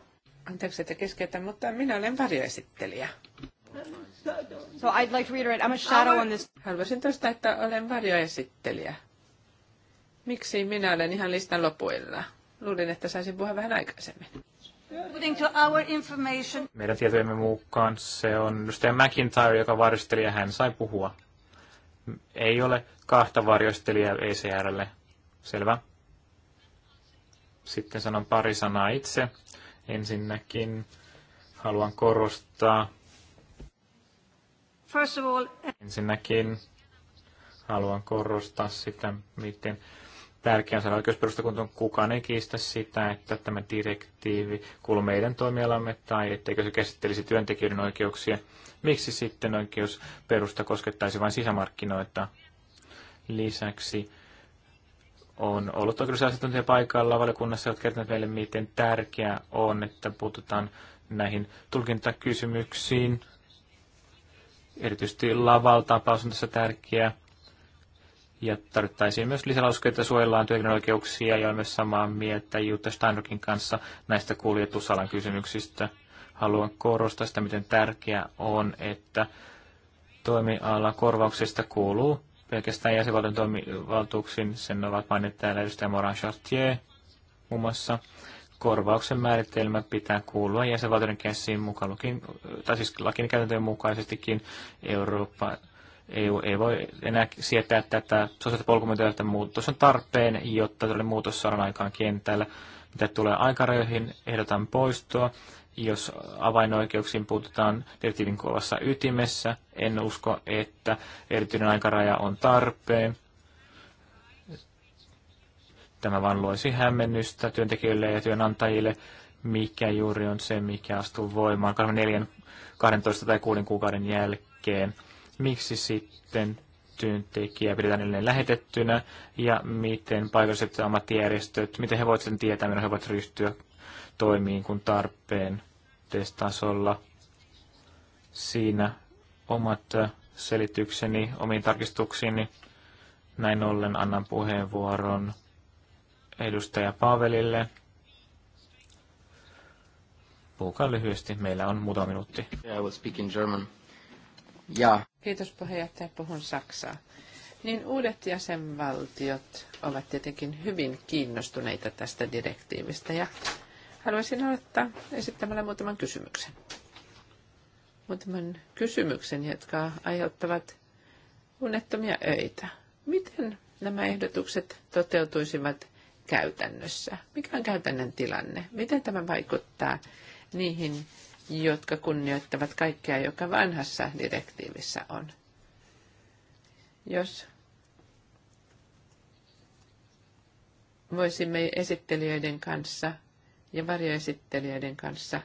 Anteeksi, että keskeytän, mutta minä olen varjoesittelijä. So I'd like to reiterate, I'm a shadow on this. Haluaisin tuosta, että olen varjoesittelijä. Miksi minä olen ihan listan lopuilla? Luulin, että saisin puhua vähän aikaisemmin. Meidän tietojemme mukaan se on Mr. McIntyre, joka varjoesittelijä, hän sai puhua ei ole kahta varjostelijaa ECRlle. Selvä. Sitten sanon pari sanaa itse. Ensinnäkin haluan korostaa. First of all, eh, ensinnäkin haluan korostaa sitä, miten tärkeä sanan oikeusperusta, kun kukaan ei kiistä sitä, että tämä direktiivi kuuluu meidän toimialamme tai etteikö se käsittelisi työntekijöiden oikeuksia. Miksi sitten oikeusperusta koskettaisi vain sisämarkkinoita? Lisäksi on ollut oikeusasiantuntija paikalla valiokunnassa, jotka kertovat meille, miten tärkeää on, että puututaan näihin tulkintakysymyksiin. Erityisesti lavaltapaus on tässä tärkeä. Ja tarvittaisiin myös että suojellaan työoikeuksia ja on myös samaa mieltä Jutta Steinrockin kanssa näistä kuljetusalan kysymyksistä. Haluan korostaa sitä, miten tärkeää on, että toimialan korvauksista kuuluu pelkästään jäsenvaltion toimivaltuuksiin. Sen ovat mainit täällä edustaja Moran Chartier muun muassa. Korvauksen määritelmä pitää kuulua jäsenvaltioiden käsiin mukaan lukin, tai siis lakin käytäntöjen mukaisestikin Euroopan ei, ei voi enää sietää tätä sosiaalista polkumyyntiä, muutos on tarpeen, jotta tällainen muutos saadaan aikaan kentällä. Mitä tulee aikarajoihin, ehdotan poistoa. Jos avainoikeuksiin puututaan direktiivin kovassa ytimessä, en usko, että erityinen aikaraja on tarpeen. Tämä vain loisi hämmennystä työntekijöille ja työnantajille, mikä juuri on se, mikä astuu voimaan 24, 12 tai 6 kuukauden jälkeen miksi sitten työntekijä pidetään edelleen lähetettynä ja miten paikalliset ammattijärjestöt, miten he voivat sen tietää, miten he voivat ryhtyä toimiin kun tarpeen testasolla. Siinä omat selitykseni omiin tarkistuksiini. Näin ollen annan puheenvuoron edustaja Pavelille. Puhukaa lyhyesti, meillä on muutama minuutti. Yeah, I will speak in German. Yeah. Kiitos puheenjohtaja, puhun Saksaa. Niin uudet jäsenvaltiot ovat tietenkin hyvin kiinnostuneita tästä direktiivistä ja haluaisin aloittaa esittämällä muutaman kysymyksen. Muutaman kysymyksen, jotka aiheuttavat unettomia öitä. Miten nämä ehdotukset toteutuisivat käytännössä? Mikä on käytännön tilanne? Miten tämä vaikuttaa niihin jotka kunnioittavat kaikkea, joka vanhassa direktiivissä on. Jos voisimme esittelijöiden kanssa ja varjoesittelijöiden kanssa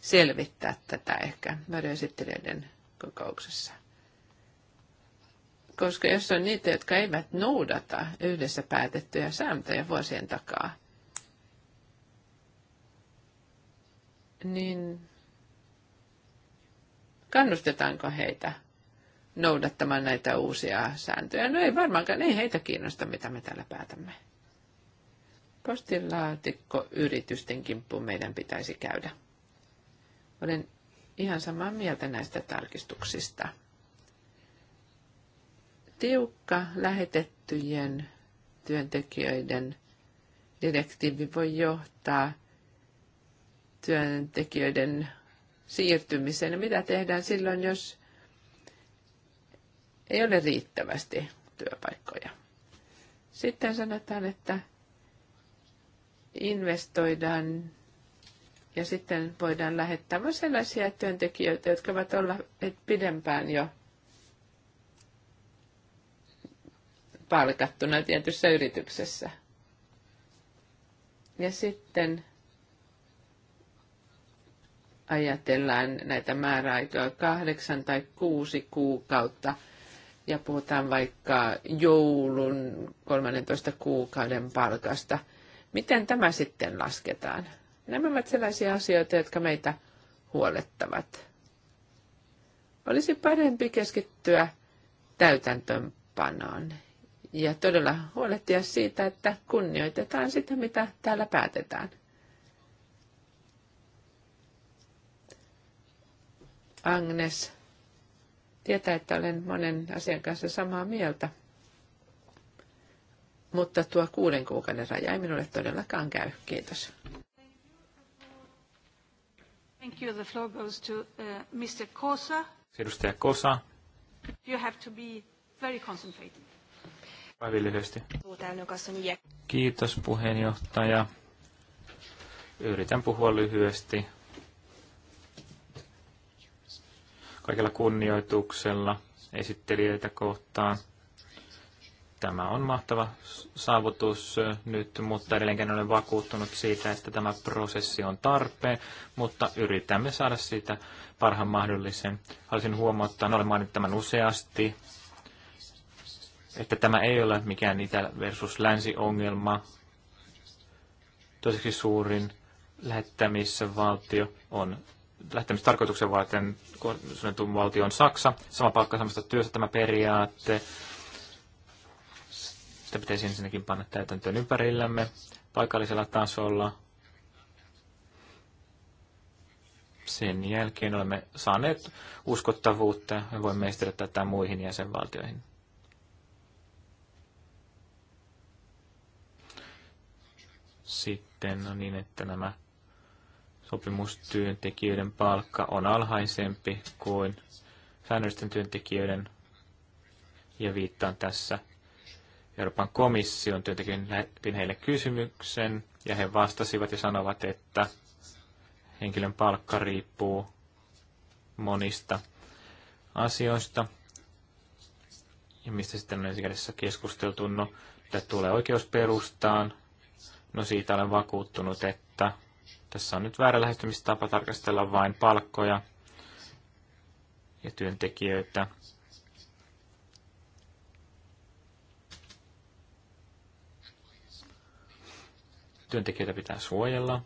selvittää tätä ehkä varjoesittelijöiden kokouksessa. Koska jos on niitä, jotka eivät noudata yhdessä päätettyjä sääntöjä vuosien takaa, niin Kannustetaanko heitä noudattamaan näitä uusia sääntöjä? No ei varmaankaan, ei heitä kiinnosta, mitä me täällä päätämme. yritysten kimppu meidän pitäisi käydä. Olen ihan samaa mieltä näistä tarkistuksista. Tiukka lähetettyjen työntekijöiden direktiivi voi johtaa työntekijöiden siirtymiseen ja mitä tehdään silloin, jos ei ole riittävästi työpaikkoja. Sitten sanotaan, että investoidaan ja sitten voidaan lähettää myös sellaisia työntekijöitä, jotka ovat olla pidempään jo palkattuna tietyssä yrityksessä. Ja sitten ajatellaan näitä määräaikoja kahdeksan tai kuusi kuukautta ja puhutaan vaikka joulun 13 kuukauden palkasta. Miten tämä sitten lasketaan? Nämä ovat sellaisia asioita, jotka meitä huolettavat. Olisi parempi keskittyä täytäntöönpanoon ja todella huolehtia siitä, että kunnioitetaan sitä, mitä täällä päätetään. Agnes tietää, että olen monen asian kanssa samaa mieltä, mutta tuo kuuden kuukauden raja ei minulle todellakaan käy. Kiitos. Thank you. The floor goes to uh, Mr. Kosa. Edustaja Kosa. You have to be very concentrated. Aivan lyhyesti. Kiitos puheenjohtaja. Yritän puhua lyhyesti. kaikella kunnioituksella esittelijöitä kohtaan. Tämä on mahtava saavutus nyt, mutta edelleenkin olen vakuuttunut siitä, että tämä prosessi on tarpeen, mutta yritämme saada siitä parhaan mahdollisen. Haluaisin huomauttaa, olen maininnut tämän useasti, että tämä ei ole mikään itä versus länsi ongelma. Toiseksi suurin lähettämissä valtio on lähtemistarkoituksen varten suunnitun valtio on Saksa. Sama palkka samasta työstä tämä periaate. Sitä pitäisi ensinnäkin panna täytäntöön ympärillämme paikallisella tasolla. Sen jälkeen olemme saaneet uskottavuutta ja voimme estää tätä muihin jäsenvaltioihin. Sitten on niin, että nämä sopimustyöntekijöiden palkka on alhaisempi kuin säännöllisten työntekijöiden. Ja viittaan tässä Euroopan komission työntekijöiden lähetin heille kysymyksen, ja he vastasivat ja sanovat, että henkilön palkka riippuu monista asioista, ja mistä sitten on ensikädessä keskusteltu. No, mitä tulee oikeusperustaan, no siitä olen vakuuttunut, että tässä on nyt väärä lähestymistapa tarkastella vain palkkoja ja työntekijöitä. Työntekijöitä pitää suojella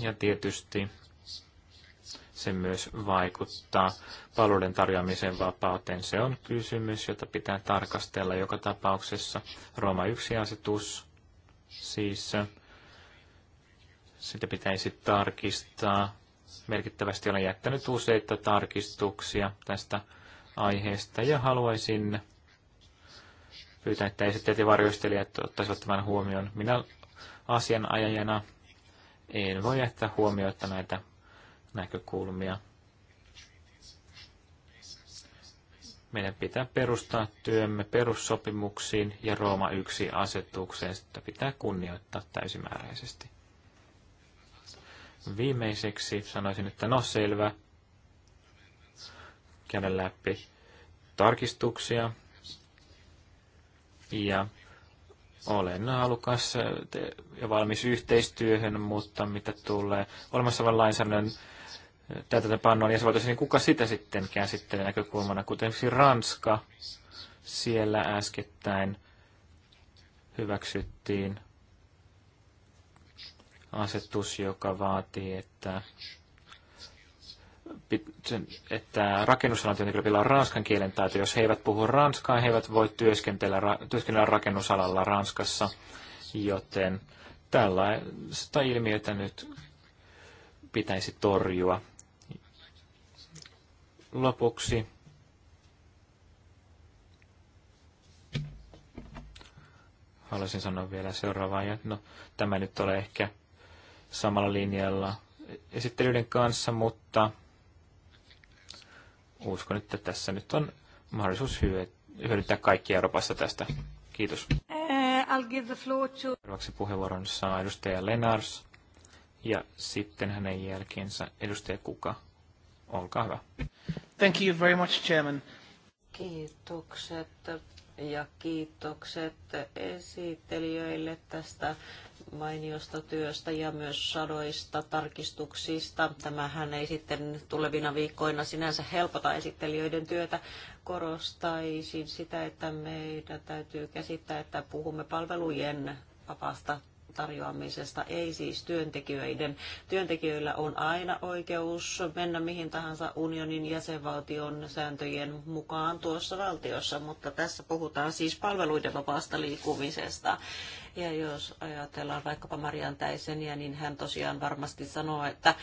ja tietysti se myös vaikuttaa palveluiden tarjoamisen vapauteen. Se on kysymys, jota pitää tarkastella joka tapauksessa. Rooma 1-asetus siis sitä pitäisi tarkistaa. Merkittävästi olen jättänyt useita tarkistuksia tästä aiheesta ja haluaisin pyytää, että esittäjät ja varjostelijat ottaisivat tämän huomioon. Minä asianajajana en voi jättää huomioita näitä näkökulmia. Meidän pitää perustaa työmme perussopimuksiin ja Rooma 1 asetukseen, sitä pitää kunnioittaa täysimääräisesti. Viimeiseksi sanoisin, että no selvä, käydä läpi tarkistuksia ja olen halukas ja valmis yhteistyöhön, mutta mitä tulee olemassa olevan lainsäädännön täytäntöpannoon jäsenvaltioissa, niin, niin kuka sitä sitten käsittelee näkökulmana, kuten esimerkiksi Ranska siellä äskettäin hyväksyttiin asetus, joka vaatii, että että rakennusalan työntekijöillä on ranskan kielen taito. Jos he eivät puhu ranskaa, he eivät voi työskentellä, työskennellä rakennusalalla Ranskassa. Joten tällaista ilmiötä nyt pitäisi torjua. Lopuksi haluaisin sanoa vielä seuraavaa. No, tämä nyt ole ehkä samalla linjalla esittelyiden kanssa, mutta uskon, että tässä nyt on mahdollisuus hyödyntää kaikki Euroopassa tästä. Kiitos. Eh, I'll to... Seuraavaksi puheenvuoron saa edustaja Lenars ja sitten hänen jälkeensä edustaja Kuka. Olkaa hyvä. Thank you very much, Chairman. Kiitokset ja kiitokset esittelijöille tästä mainiosta työstä ja myös sadoista tarkistuksista. Tämähän ei sitten tulevina viikkoina sinänsä helpota esittelijöiden työtä. Korostaisin sitä, että meidän täytyy käsittää, että puhumme palvelujen vapaasta tarjoamisesta, ei siis työntekijöiden. Työntekijöillä on aina oikeus mennä mihin tahansa unionin jäsenvaltion sääntöjen mukaan tuossa valtiossa, mutta tässä puhutaan siis palveluiden vapaasta liikkumisesta. Ja jos ajatellaan vaikkapa Marian Täiseniä, niin hän tosiaan varmasti sanoo, että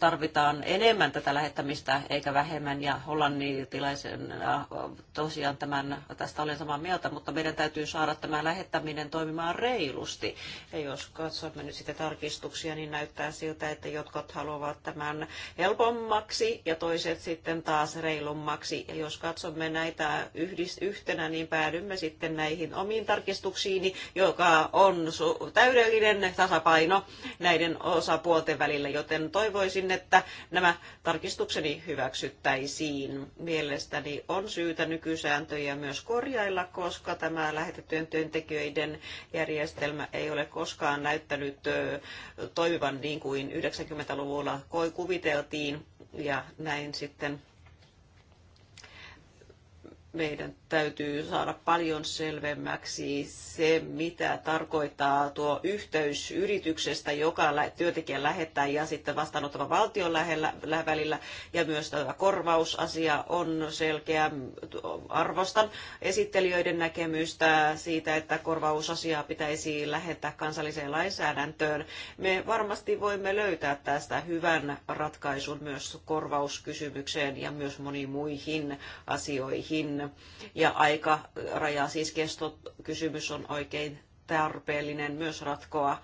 tarvitaan enemmän tätä lähettämistä eikä vähemmän. Ja hollannitilaisen äh, tosiaan tämän, tästä olen samaa mieltä, mutta meidän täytyy saada tämä lähettäminen toimimaan reilusti. Ja jos katsomme nyt sitten tarkistuksia, niin näyttää siltä, että jotkut haluavat tämän helpommaksi ja toiset sitten taas reilummaksi. Ja jos katsomme näitä yhdist- yhtenä, niin päädymme sitten näihin omiin tarkistuksiini, joka on täydellinen tasapaino näiden osapuolten välillä, joten toivoisin, että nämä tarkistukseni hyväksyttäisiin. Mielestäni on syytä nykysääntöjä myös korjailla, koska tämä lähetettyjen työntekijöiden järjestelmä ei ole koskaan näyttänyt toimivan niin kuin 90-luvulla kuviteltiin ja näin sitten meidän täytyy saada paljon selvemmäksi se, mitä tarkoittaa tuo yhteys yrityksestä, joka työntekijä lähettää ja sitten vastaanottava valtion lähellä, välillä. Ja myös tämä korvausasia on selkeä. Arvostan esittelijöiden näkemystä siitä, että korvausasiaa pitäisi lähettää kansalliseen lainsäädäntöön. Me varmasti voimme löytää tästä hyvän ratkaisun myös korvauskysymykseen ja myös moniin muihin asioihin. Ja ja aikaraja, siis kestokysymys on oikein tarpeellinen myös ratkoa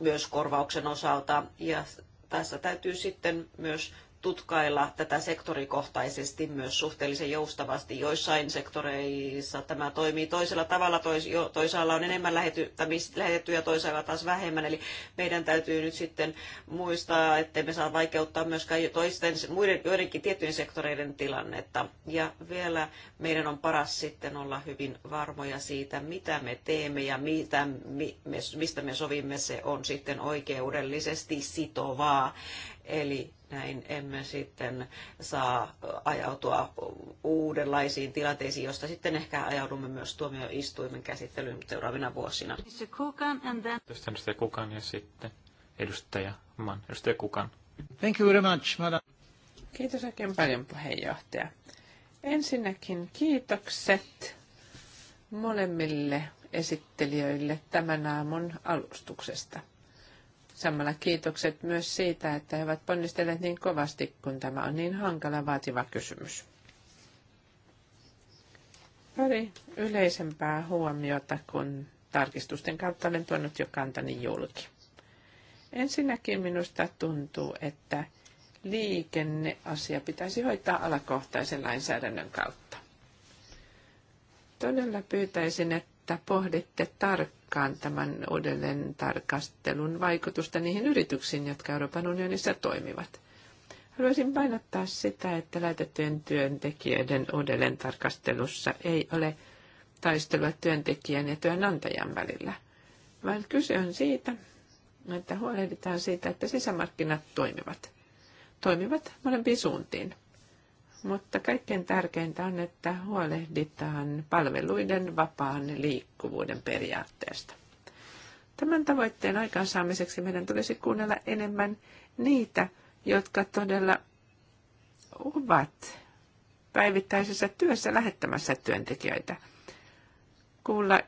myös korvauksen osalta. Ja tässä täytyy sitten myös tutkailla tätä sektorikohtaisesti myös suhteellisen joustavasti. Joissain sektoreissa tämä toimii toisella tavalla, toisaalla on enemmän lähetetty ja toisaalla taas vähemmän. Eli meidän täytyy nyt sitten muistaa, että me saa vaikeuttaa myöskään toisten, muiden, joidenkin tiettyjen sektoreiden tilannetta. Ja vielä meidän on paras sitten olla hyvin varmoja siitä, mitä me teemme ja mitä, mistä me sovimme. Se on sitten oikeudellisesti sitovaa Eli näin emme sitten saa ajautua uudenlaisiin tilanteisiin, josta sitten ehkä ajaudumme myös tuomioistuimen käsittelyyn seuraavina vuosina. Sitten edustaja Kukan ja sitten edustaja Mann. Edustaja Kukan. Thank you very much, madam. Kiitos oikein paljon puheenjohtaja. Ensinnäkin kiitokset molemmille esittelijöille tämän aamun alustuksesta. Samalla kiitokset myös siitä, että he ovat ponnistelleet niin kovasti, kun tämä on niin hankala vaativa kysymys. Pari yleisempää huomiota, kun tarkistusten kautta olen tuonut jo kantani julki. Ensinnäkin minusta tuntuu, että liikenneasia pitäisi hoitaa alakohtaisen lainsäädännön kautta. Todella pyytäisin, että pohditte tarkkaan, tarkkaan tämän uudelleen tarkastelun vaikutusta niihin yrityksiin, jotka Euroopan unionissa toimivat. Haluaisin painottaa sitä, että lähetettyjen työntekijöiden uudelleen tarkastelussa ei ole taistelua työntekijän ja työnantajan välillä, vaan kyse on siitä, että huolehditaan siitä, että sisämarkkinat toimivat. Toimivat molempiin suuntiin. Mutta kaikkein tärkeintä on, että huolehditaan palveluiden vapaan liikkuvuuden periaatteesta. Tämän tavoitteen aikaansaamiseksi meidän tulisi kuunnella enemmän niitä, jotka todella ovat päivittäisessä työssä lähettämässä työntekijöitä. Kuulla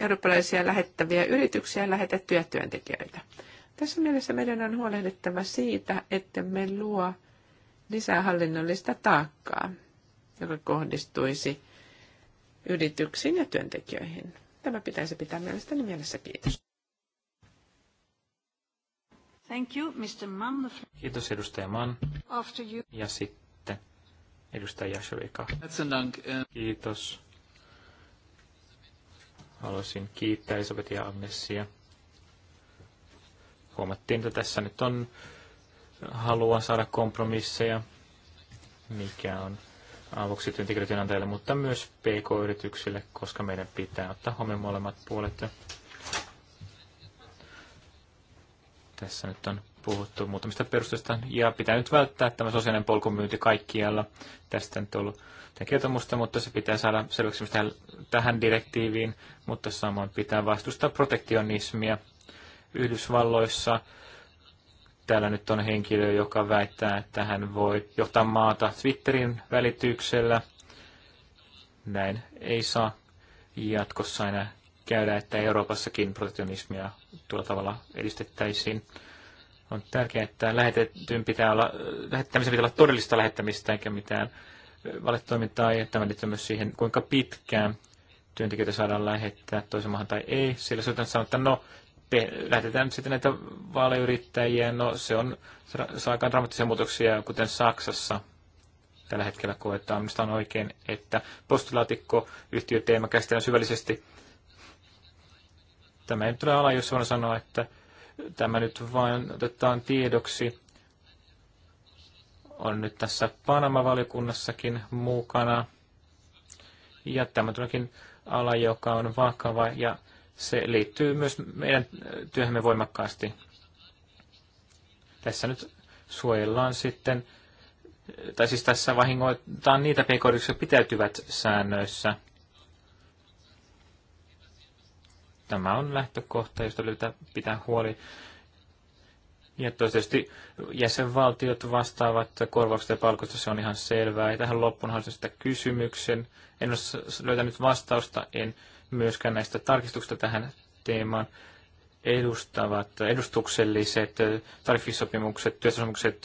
eurooppalaisia lähettäviä yrityksiä lähetettyjä työntekijöitä. Tässä mielessä meidän on huolehdittava siitä, että me luo lisää hallinnollista taakkaa, joka kohdistuisi yrityksiin ja työntekijöihin. Tämä pitäisi pitää mielestäni mielessä. Kiitos. Thank you, Mr. Mann. Kiitos edustaja Mann. After you. Ja sitten edustaja Jashovika. Kiitos. Haluaisin kiittää Elisabeth ja Agnesia. Huomattiin, että tässä nyt on haluaa saada kompromisseja, mikä on avuksi työntekijöiden mutta myös PK-yrityksille, koska meidän pitää ottaa huomioon molemmat puolet. Tässä nyt on puhuttu muutamista perusteista, ja pitää nyt välttää tämä sosiaalinen polkumyynti kaikkialla. Tästä nyt on ollut kertomusta, mutta se pitää saada selväksi tähän, tähän direktiiviin, mutta samoin pitää vastustaa protektionismia. Yhdysvalloissa Täällä nyt on henkilö, joka väittää, että hän voi johtaa maata Twitterin välityksellä. Näin ei saa jatkossa aina käydä, että Euroopassakin protektionismia tuolla tavalla edistettäisiin. On tärkeää, että lähetetyn pitää olla, lähettämisen pitää olla todellista lähettämistä eikä mitään valetoimintaa, ja tämä liittyy myös siihen, kuinka pitkään työntekijöitä saadaan lähettää toisen maahan tai ei. Sillä syötän sanoa, että no, te, lähetetään sitten näitä vaaleyrittäjiä. no se on aika dramaattisia muutoksia, kuten Saksassa tällä hetkellä koetaan. Minusta on oikein, että postilaatikkoyhtiöteema käsitellään syvällisesti. Tämä ei nyt ole ala, jos voin sanoa, että tämä nyt vain otetaan tiedoksi. On nyt tässä Panama-valiokunnassakin mukana. Ja tämä tuleekin ala, joka on vakava ja se liittyy myös meidän työhömme voimakkaasti. Tässä nyt suojellaan sitten, tai siis tässä vahingoitetaan niitä pk jotka pitäytyvät säännöissä. Tämä on lähtökohta, josta pitää huoli. Ja tietysti jäsenvaltiot vastaavat korvauksista ja palkoista, se on ihan selvää. Ja tähän loppuun haluaisin sitä kysymyksen. En ole löytänyt vastausta, en myöskään näistä tarkistuksista tähän teemaan edustavat edustukselliset tarifisopimukset, työsopimukset,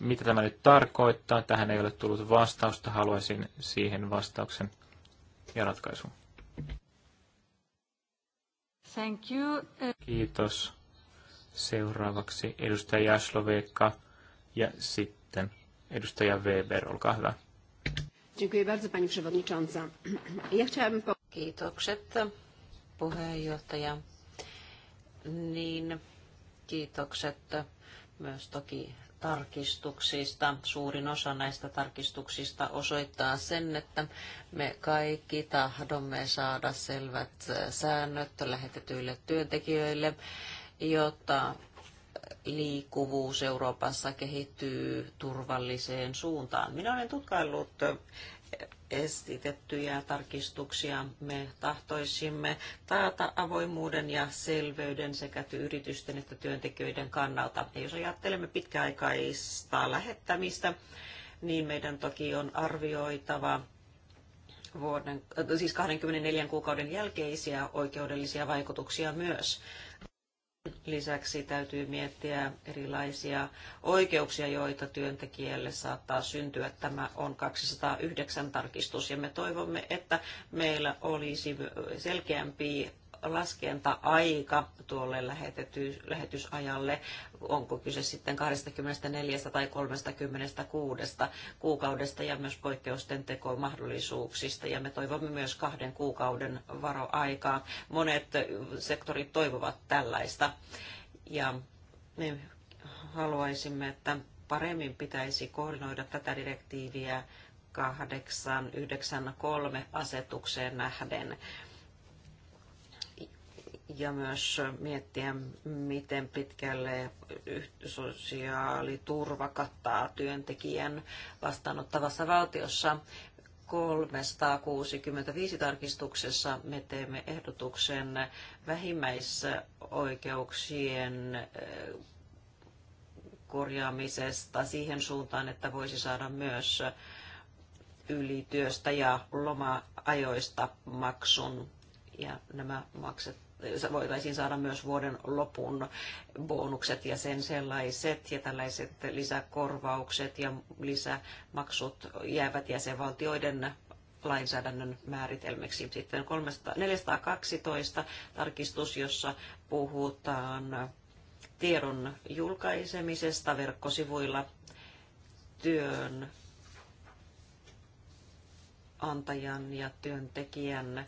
mitä tämä nyt tarkoittaa. Tähän ei ole tullut vastausta. Haluaisin siihen vastauksen ja ratkaisun. Thank you. Kiitos. Seuraavaksi edustaja Jasloveikka ja sitten edustaja Weber, olkaa hyvä. Dziękuję bardzo Pani Przewodnicząca. Ja chciałabym Kiitokset puheenjohtaja. Niin, kiitokset myös toki tarkistuksista. Suurin osa näistä tarkistuksista osoittaa sen, että me kaikki tahdomme saada selvät säännöt lähetetyille työntekijöille, jotta liikkuvuus Euroopassa kehittyy turvalliseen suuntaan. Minä olen tutkaillut esitettyjä tarkistuksia. Me tahtoisimme taata avoimuuden ja selveyden sekä yritysten että työntekijöiden kannalta. Ja jos ajattelemme pitkäaikaista lähettämistä, niin meidän toki on arvioitava vuoden, äh, siis 24 kuukauden jälkeisiä oikeudellisia vaikutuksia myös. Lisäksi täytyy miettiä erilaisia oikeuksia, joita työntekijälle saattaa syntyä. Tämä on 209 tarkistus ja me toivomme, että meillä olisi selkeämpi laskenta-aika tuolle lähetetty, lähetysajalle? Onko kyse sitten 24 tai 36 kuukaudesta ja myös poikkeusten tekomahdollisuuksista? Ja me toivomme myös kahden kuukauden varoaikaa. Monet sektorit toivovat tällaista. Ja me haluaisimme, että paremmin pitäisi koordinoida tätä direktiiviä 893 asetukseen nähden ja myös miettiä, miten pitkälle sosiaaliturva kattaa työntekijän vastaanottavassa valtiossa. 365 tarkistuksessa me teemme ehdotuksen vähimmäisoikeuksien eh, korjaamisesta siihen suuntaan, että voisi saada myös ylityöstä ja loma-ajoista maksun ja nämä makset voitaisiin saada myös vuoden lopun bonukset ja sen sellaiset ja tällaiset lisäkorvaukset ja lisämaksut jäävät jäsenvaltioiden lainsäädännön määritelmäksi Sitten 412 tarkistus, jossa puhutaan tiedon julkaisemisesta verkkosivuilla työn antajan ja työntekijän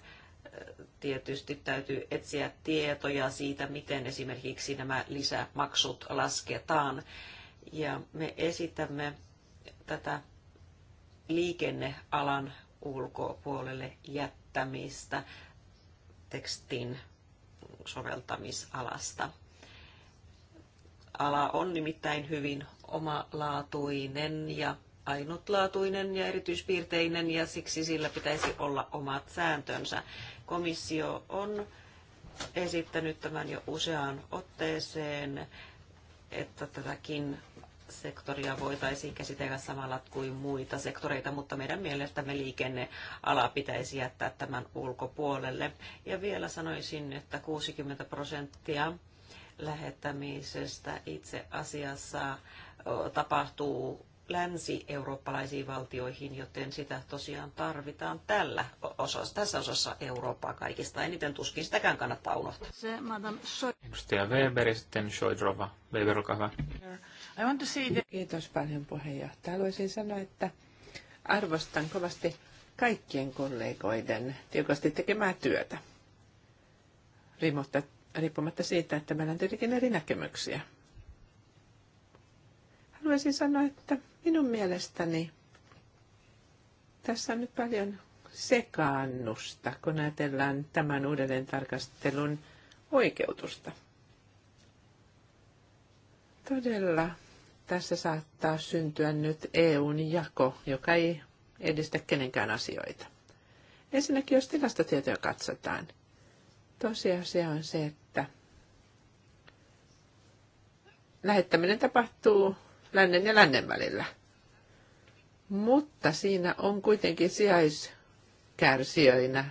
tietysti täytyy etsiä tietoja siitä, miten esimerkiksi nämä lisämaksut lasketaan. Ja me esitämme tätä liikennealan ulkopuolelle jättämistä tekstin soveltamisalasta. Ala on nimittäin hyvin omalaatuinen ja ainutlaatuinen ja erityispiirteinen ja siksi sillä pitäisi olla omat sääntönsä. Komissio on esittänyt tämän jo useaan otteeseen, että tätäkin sektoria voitaisiin käsitellä samalla kuin muita sektoreita, mutta meidän mielestämme liikenneala pitäisi jättää tämän ulkopuolelle. Ja vielä sanoisin, että 60 prosenttia lähettämisestä itse asiassa tapahtuu länsi-eurooppalaisiin valtioihin, joten sitä tosiaan tarvitaan tällä osassa, tässä osassa Eurooppaa kaikista eniten. Tuskin sitäkään kannattaa unohtaa. Se, Edustaja Weber ja sitten Shoidrova. Weber, olkaa hyvä. I want to see the... Kiitos paljon puheenjohtaja. Haluaisin sanoa, että arvostan kovasti kaikkien kollegoiden tiukasti tekemää työtä, riippumatta siitä, että meillä on tietenkin eri näkemyksiä. Haluaisin sanoa, että minun mielestäni tässä on nyt paljon sekaannusta, kun ajatellaan tämän uudelleen tarkastelun oikeutusta. Todella tässä saattaa syntyä nyt EUn jako, joka ei edistä kenenkään asioita. Ensinnäkin, jos tilastotietoja katsotaan, tosiasia on se, että lähettäminen tapahtuu lännen ja lännen välillä. Mutta siinä on kuitenkin sijaiskärsijöinä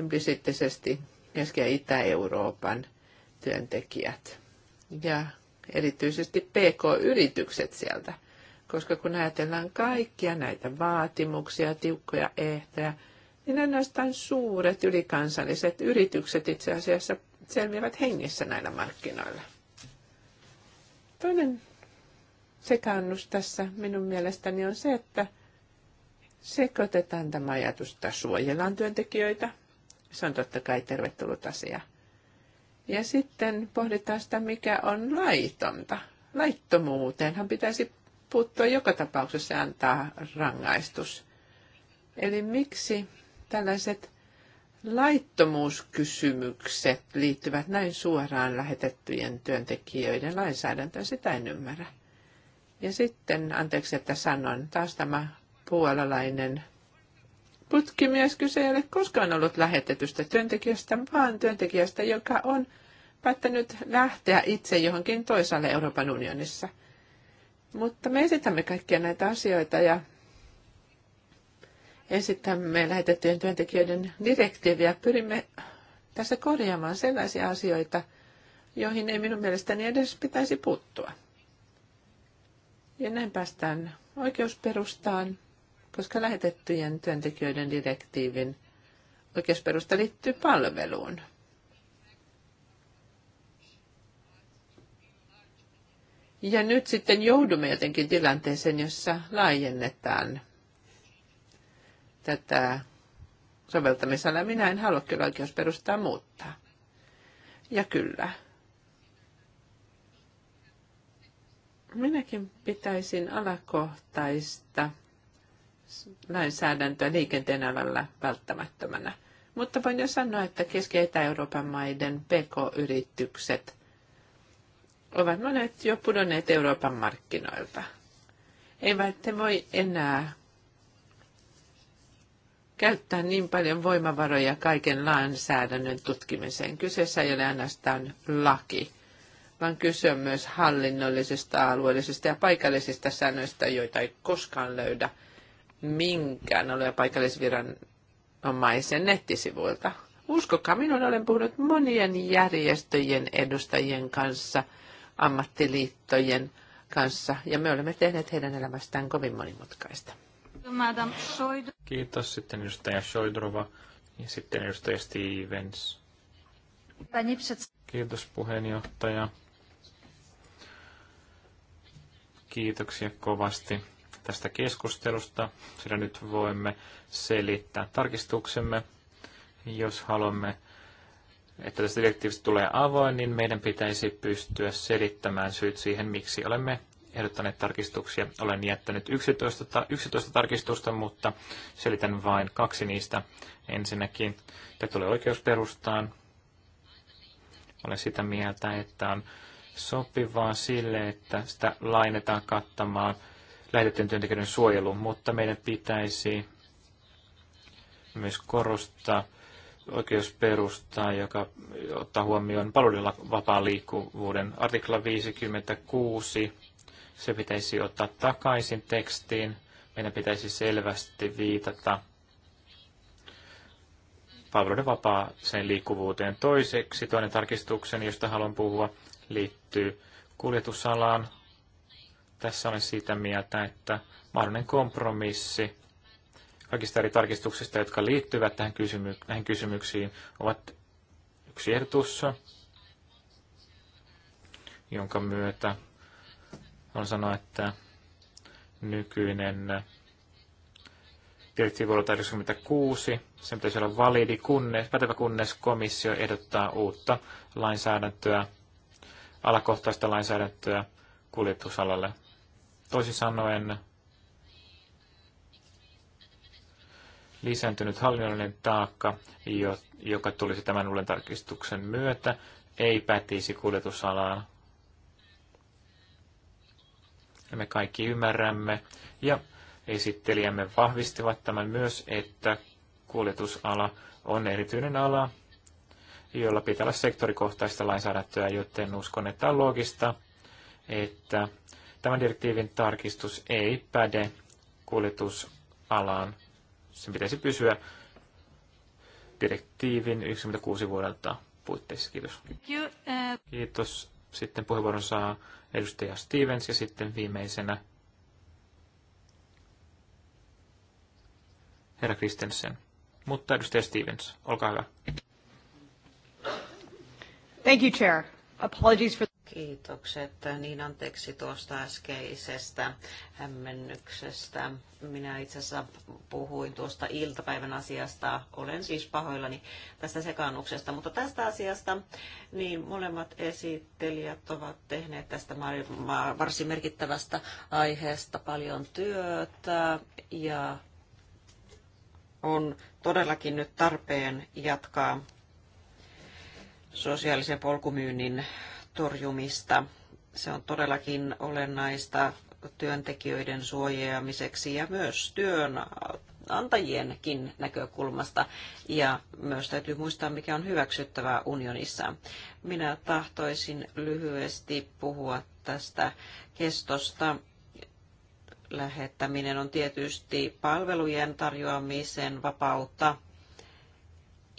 implisiittisesti Keski- ja Itä-Euroopan työntekijät ja erityisesti PK-yritykset sieltä. Koska kun ajatellaan kaikkia näitä vaatimuksia, tiukkoja ehtoja, niin ainoastaan suuret ylikansalliset yritykset itse asiassa selviävät hengissä näillä markkinoilla. Toinen sekannus tässä minun mielestäni on se, että sekoitetaan tämä ajatus, että suojellaan työntekijöitä. Se on totta kai tervetullut asia. Ja sitten pohditaan sitä, mikä on laitonta. Laittomuuteenhan pitäisi puuttua joka tapauksessa ja antaa rangaistus. Eli miksi tällaiset laittomuuskysymykset liittyvät näin suoraan lähetettyjen työntekijöiden lainsäädäntöön, sitä en ymmärrä. Ja sitten, anteeksi, että sanon, taas tämä puolalainen putkimies kyse ei ole koskaan ollut lähetetystä työntekijästä, vaan työntekijästä, joka on päättänyt lähteä itse johonkin toisaalle Euroopan unionissa. Mutta me esitämme kaikkia näitä asioita ja esitämme lähetettyjen työntekijöiden direktiiviä. Pyrimme tässä korjaamaan sellaisia asioita, joihin ei minun mielestäni edes pitäisi puuttua. Ja näin päästään oikeusperustaan, koska lähetettyjen työntekijöiden direktiivin oikeusperusta liittyy palveluun. Ja nyt sitten joudumme jotenkin tilanteeseen, jossa laajennetaan tätä soveltamisella minä en halua kyllä oikeusperustaa muuttaa. Ja kyllä, Minäkin pitäisin alakohtaista lainsäädäntöä liikenteen alalla välttämättömänä. Mutta voin jo sanoa, että Keski- ja Itä-Euroopan maiden PK-yritykset ovat monet jo pudonneet Euroopan markkinoilta. Ei te voi enää käyttää niin paljon voimavaroja kaiken lainsäädännön tutkimiseen. Kyseessä ei ole ainoastaan laki, vaan kyse on myös hallinnollisista, alueellisista ja paikallisista säännöistä, joita ei koskaan löydä minkään alue- ja paikallisviranomaisen nettisivuilta. Uskokaa, minun olen puhunut monien järjestöjen edustajien kanssa, ammattiliittojen kanssa, ja me olemme tehneet heidän elämästään kovin monimutkaista. Kiitos. Sitten edustaja Shoidrova ja sitten edustaja Stevens. Kiitos puheenjohtaja. Kiitoksia kovasti tästä keskustelusta, sillä nyt voimme selittää tarkistuksemme. Jos haluamme, että tästä direktiivistä tulee avoin, niin meidän pitäisi pystyä selittämään syyt siihen, miksi olemme ehdottaneet tarkistuksia. Olen jättänyt 11, ta- 11 tarkistusta, mutta selitän vain kaksi niistä. Ensinnäkin, että tulee oikeusperustaan. Olen sitä mieltä, että on sopivaa sille, että sitä lainetaan kattamaan lähetettyjen työntekijöiden suojeluun, mutta meidän pitäisi myös korostaa oikeusperustaa, joka ottaa huomioon palveluiden vapaan liikkuvuuden. Artikla 56, se pitäisi ottaa takaisin tekstiin. Meidän pitäisi selvästi viitata palveluiden vapaaseen liikkuvuuteen. Toiseksi toinen tarkistuksen, josta haluan puhua, liittyy kuljetusalaan. Tässä olen siitä mieltä, että mahdollinen kompromissi kaikista eri tarkistuksista, jotka liittyvät tähän kysymy- näihin kysymyksiin, ovat yksi ehdotus, jonka myötä on sanoa, että nykyinen direktiivi vuodelta 1996. Sen pitäisi olla validi, kunnes, pätevä kunnes komissio ehdottaa uutta lainsäädäntöä alakohtaista lainsäädäntöä kuljetusalalle. Toisin sanoen lisääntynyt hallinnollinen taakka, joka tulisi tämän uuden tarkistuksen myötä, ei pätisi kuljetusalaan. me kaikki ymmärrämme ja esittelijämme vahvistivat tämän myös, että kuljetusala on erityinen ala, jolla pitää olla sektorikohtaista lainsäädäntöä, joten uskon, että on loogista, että tämän direktiivin tarkistus ei päde kuljetusalaan. Sen pitäisi pysyä direktiivin 96 vuodelta puitteissa. Kiitos. Eh. Kiitos. Sitten puheenvuoron saa edustaja Stevens ja sitten viimeisenä herra Kristensen. Mutta edustaja Stevens, olkaa hyvä. Thank you, Chair. Apologies for... Kiitokset. Niin anteeksi tuosta äskeisestä hämmennyksestä. Minä itse asiassa puhuin tuosta iltapäivän asiasta. Olen siis pahoillani tästä sekaannuksesta, mutta tästä asiasta niin molemmat esittelijät ovat tehneet tästä varsin merkittävästä aiheesta paljon työtä ja on todellakin nyt tarpeen jatkaa sosiaalisen polkumyynnin torjumista. Se on todellakin olennaista työntekijöiden suojaamiseksi ja myös työnantajienkin näkökulmasta. Ja myös täytyy muistaa, mikä on hyväksyttävää unionissa. Minä tahtoisin lyhyesti puhua tästä kestosta. Lähettäminen on tietysti palvelujen tarjoamisen vapautta.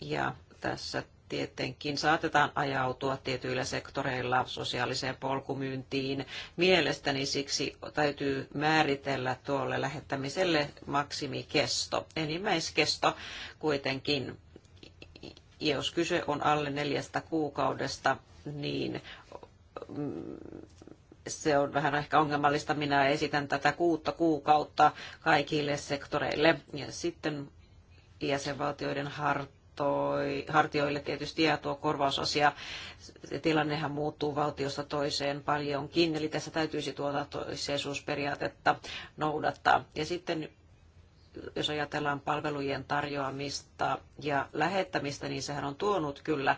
Ja tässä tietenkin saatetaan ajautua tietyillä sektoreilla sosiaaliseen polkumyyntiin. Mielestäni siksi täytyy määritellä tuolle lähettämiselle maksimikesto, enimmäiskesto kuitenkin. Jos kyse on alle neljästä kuukaudesta, niin mm, se on vähän ehkä ongelmallista. Minä esitän tätä kuutta kuukautta kaikille sektoreille. Ja sitten jäsenvaltioiden harteille toi hartioille tietysti ja tuo korvausasia. Tilannehan muuttuu valtiosta toiseen paljonkin, eli tässä täytyisi tuota toiseisuusperiaatetta noudattaa. Ja sitten jos ajatellaan palvelujen tarjoamista ja lähettämistä, niin sehän on tuonut kyllä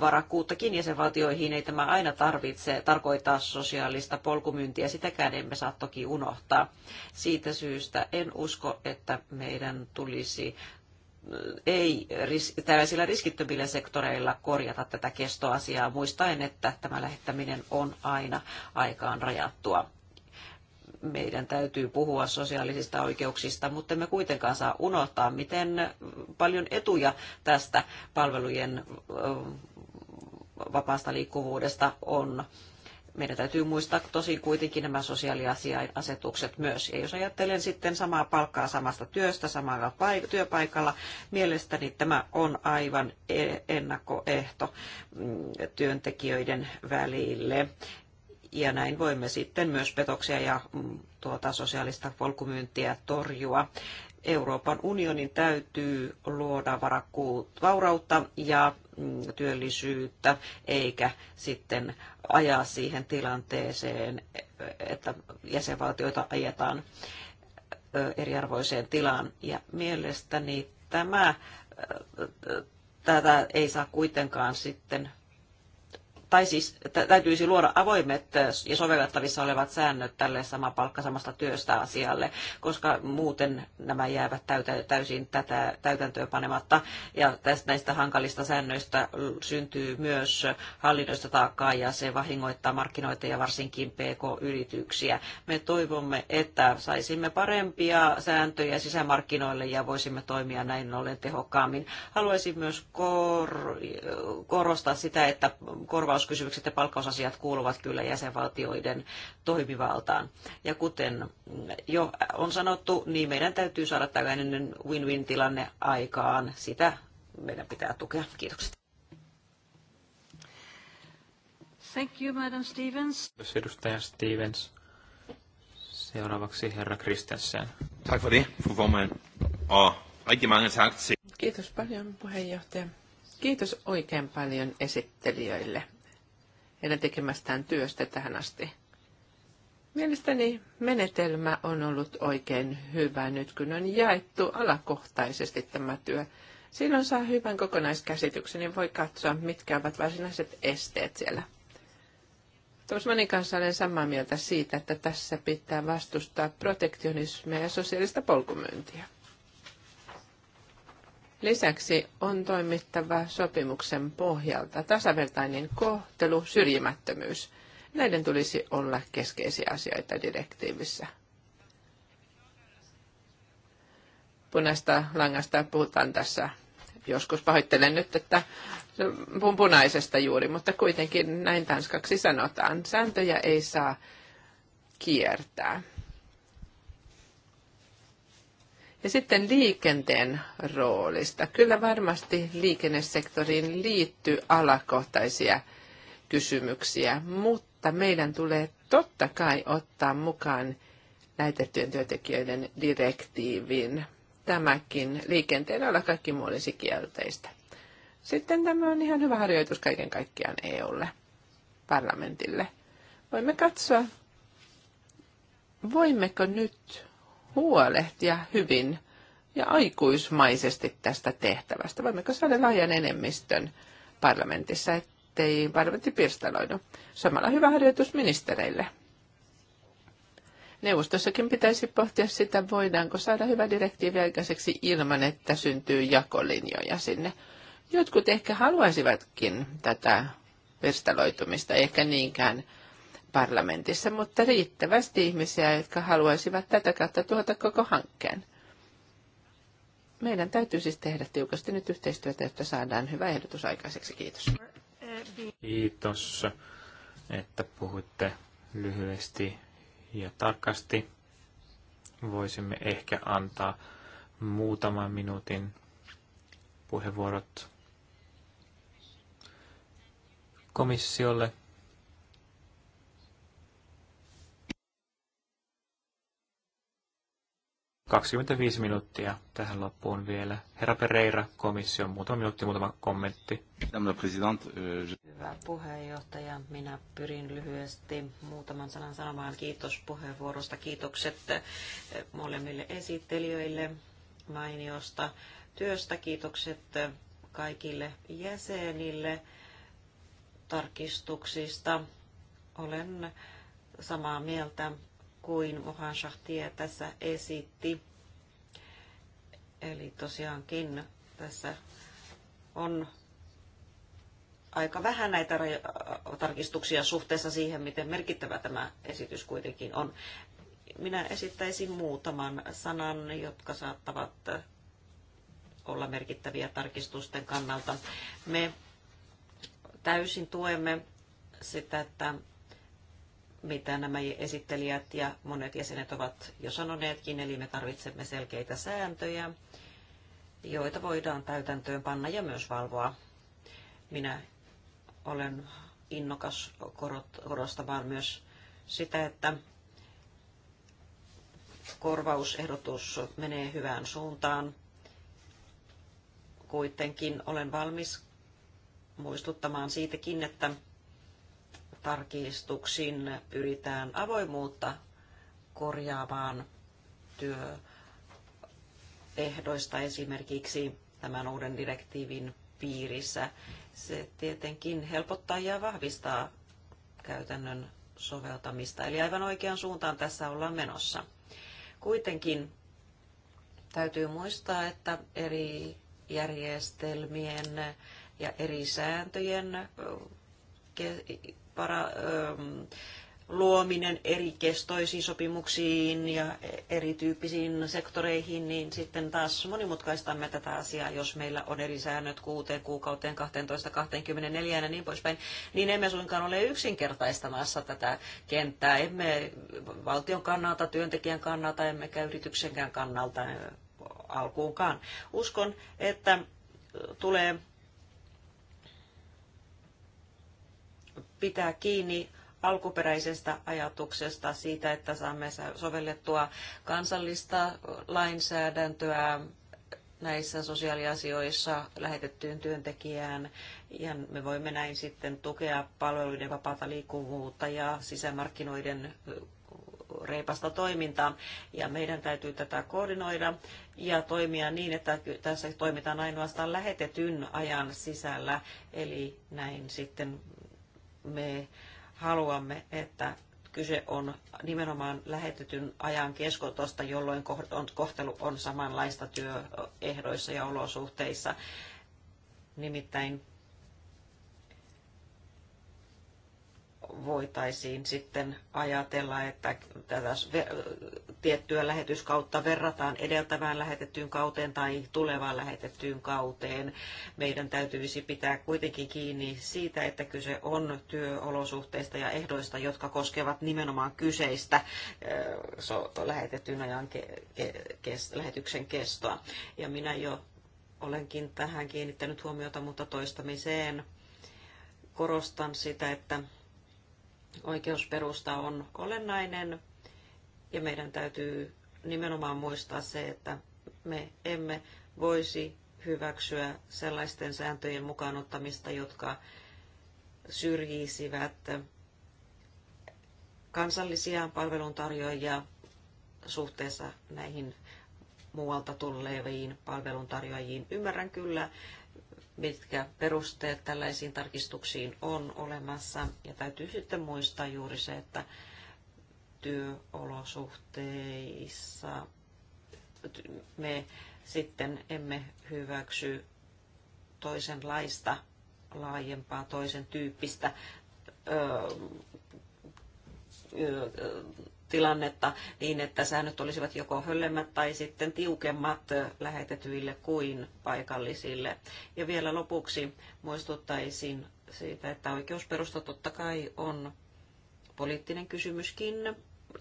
varakkuuttakin jäsenvaltioihin. Ei tämä aina tarvitse tarkoittaa sosiaalista polkumyyntiä, sitäkään emme saa toki unohtaa. Siitä syystä en usko, että meidän tulisi ei ris- tällaisilla riskittömillä sektoreilla korjata tätä kestoasiaa, muistaen, että tämä lähettäminen on aina aikaan rajattua. Meidän täytyy puhua sosiaalisista oikeuksista, mutta emme kuitenkaan saa unohtaa, miten paljon etuja tästä palvelujen vapaasta liikkuvuudesta on meidän täytyy muistaa tosin kuitenkin nämä sosiaaliasiainasetukset myös. Ja jos ajattelen sitten samaa palkkaa samasta työstä samalla paik- työpaikalla, mielestäni tämä on aivan e- ennakkoehto mm, työntekijöiden välille. Ja näin voimme sitten myös petoksia ja mm, tuota, sosiaalista polkumyyntiä torjua. Euroopan unionin täytyy luoda vaurautta ja mm, työllisyyttä, eikä sitten ajaa siihen tilanteeseen, että jäsenvaltioita ajetaan eriarvoiseen tilaan. Ja mielestäni tämä, tätä ei saa kuitenkaan sitten tai siis täytyisi luoda avoimet äh, ja sovellettavissa olevat säännöt tälle sama palkka samasta työstä asialle, koska muuten nämä jäävät täysin tätä täytäntöön panematta. Ja tästä näistä hankalista säännöistä syntyy myös hallinnoista taakkaa ja se vahingoittaa markkinoita ja varsinkin PK-yrityksiä. Me toivomme, että saisimme parempia sääntöjä sisämarkkinoille ja voisimme toimia näin ollen tehokkaammin. Haluaisin myös kor- korostaa sitä, että korvaus Palkkauskysymykset ja palkkausasiat kuuluvat kyllä jäsenvaltioiden toimivaltaan. Ja kuten jo on sanottu, niin meidän täytyy saada tällainen win-win-tilanne aikaan. Sitä meidän pitää tukea. Kiitokset. Thank you, Madam Stevens. Kiitos edustaja Stevens. Seuraavaksi herra Kristensen. Tack för det, fru Kiitos paljon puheenjohtaja. Kiitos oikein paljon esittelijöille heidän tekemästään työstä tähän asti. Mielestäni menetelmä on ollut oikein hyvä nyt, kun on jaettu alakohtaisesti tämä työ. Silloin saa hyvän kokonaiskäsityksen niin voi katsoa, mitkä ovat varsinaiset esteet siellä. Tosmanin kanssa olen samaa mieltä siitä, että tässä pitää vastustaa protektionismia ja sosiaalista polkumyyntiä. Lisäksi on toimittava sopimuksen pohjalta tasavertainen kohtelu, syrjimättömyys. Näiden tulisi olla keskeisiä asioita direktiivissä. Punaista langasta puhutaan tässä. Joskus pahoittelen nyt, että puhun punaisesta juuri, mutta kuitenkin näin tanskaksi sanotaan. Sääntöjä ei saa kiertää. Ja sitten liikenteen roolista. Kyllä varmasti liikennesektoriin liittyy alakohtaisia kysymyksiä, mutta meidän tulee totta kai ottaa mukaan näytettyjen työntekijöiden direktiivin. Tämäkin liikenteen alla kaikki muu olisi kielteistä. Sitten tämä on ihan hyvä harjoitus kaiken kaikkiaan EUlle, parlamentille. Voimme katsoa, voimmeko nyt huolehtia hyvin ja aikuismaisesti tästä tehtävästä. Voimmeko saada laajan enemmistön parlamentissa, ettei parlamentti pirstaloidu? Samalla hyvä harjoitus ministereille. Neuvostossakin pitäisi pohtia sitä, voidaanko saada hyvä direktiivi aikaiseksi ilman, että syntyy jakolinjoja sinne. Jotkut ehkä haluaisivatkin tätä pirstaloitumista, ehkä niinkään – parlamentissa, mutta riittävästi ihmisiä, jotka haluaisivat tätä kautta tuota koko hankkeen. Meidän täytyy siis tehdä tiukasti nyt yhteistyötä, jotta saadaan hyvä ehdotus aikaiseksi. Kiitos. Kiitos, että puhuitte lyhyesti ja tarkasti. Voisimme ehkä antaa muutaman minuutin puheenvuorot komissiolle 25 minuuttia tähän loppuun vielä. Herra Pereira, komission, muutama minuutti, muutama kommentti. Euh, Hyvä puheenjohtaja, minä pyrin lyhyesti muutaman sanan sanomaan kiitos puheenvuorosta. Kiitokset äh, molemmille esittelijöille mainiosta työstä. Kiitokset äh, kaikille jäsenille tarkistuksista. Olen samaa mieltä kuin Mohan Shahtia tässä esitti. Eli tosiaankin tässä on aika vähän näitä tarkistuksia suhteessa siihen, miten merkittävä tämä esitys kuitenkin on. Minä esittäisin muutaman sanan, jotka saattavat olla merkittäviä tarkistusten kannalta. Me täysin tuemme sitä, että mitä nämä esittelijät ja monet jäsenet ovat jo sanoneetkin, eli me tarvitsemme selkeitä sääntöjä, joita voidaan täytäntöön panna ja myös valvoa. Minä olen innokas korostamaan myös sitä, että korvausehdotus menee hyvään suuntaan. Kuitenkin olen valmis muistuttamaan siitäkin, että tarkistuksin pyritään avoimuutta korjaamaan työehdoista esimerkiksi tämän uuden direktiivin piirissä. Se tietenkin helpottaa ja vahvistaa käytännön soveltamista. Eli aivan oikean suuntaan tässä ollaan menossa. Kuitenkin täytyy muistaa, että eri järjestelmien ja eri sääntöjen para, luominen eri kestoisiin sopimuksiin ja erityyppisiin sektoreihin, niin sitten taas monimutkaistamme tätä asiaa, jos meillä on eri säännöt kuuteen kuukauteen, 12, 24 ja niin poispäin, niin emme suinkaan ole yksinkertaistamassa tätä kenttää. Emme valtion kannalta, työntekijän kannalta, emmekä yrityksenkään kannalta alkuunkaan. Uskon, että tulee pitää kiinni alkuperäisestä ajatuksesta siitä, että saamme sovellettua kansallista lainsäädäntöä näissä sosiaaliasioissa lähetettyyn työntekijään ja me voimme näin sitten tukea palveluiden vapaata liikkuvuutta ja sisämarkkinoiden reipasta toimintaa ja meidän täytyy tätä koordinoida ja toimia niin, että tässä toimitaan ainoastaan lähetetyn ajan sisällä, eli näin sitten me haluamme, että kyse on nimenomaan lähetetyn ajan keskotosta, jolloin kohtelu on samanlaista työehdoissa ja olosuhteissa. Nimittäin voitaisiin sitten ajatella, että tätä tiettyä lähetyskautta verrataan edeltävään lähetettyyn kauteen tai tulevaan lähetettyyn kauteen. Meidän täytyisi pitää kuitenkin kiinni siitä, että kyse on työolosuhteista ja ehdoista, jotka koskevat nimenomaan kyseistä lähetetyn ajan lähetyksen kestoa. Ja minä jo olenkin tähän kiinnittänyt huomiota, mutta toistamiseen korostan sitä, että Oikeusperusta on olennainen ja meidän täytyy nimenomaan muistaa se, että me emme voisi hyväksyä sellaisten sääntöjen mukaanottamista, jotka syrjisivät kansallisia palveluntarjoajia suhteessa näihin muualta tulleviin palveluntarjoajiin. Ymmärrän kyllä mitkä perusteet tällaisiin tarkistuksiin on olemassa. Ja täytyy sitten muistaa juuri se, että työolosuhteissa me sitten emme hyväksy toisenlaista, laajempaa, toisen tyyppistä tilannetta niin, että säännöt olisivat joko höllemmät tai sitten tiukemmat lähetetyille kuin paikallisille. Ja vielä lopuksi muistuttaisin siitä, että oikeusperusta totta kai on poliittinen kysymyskin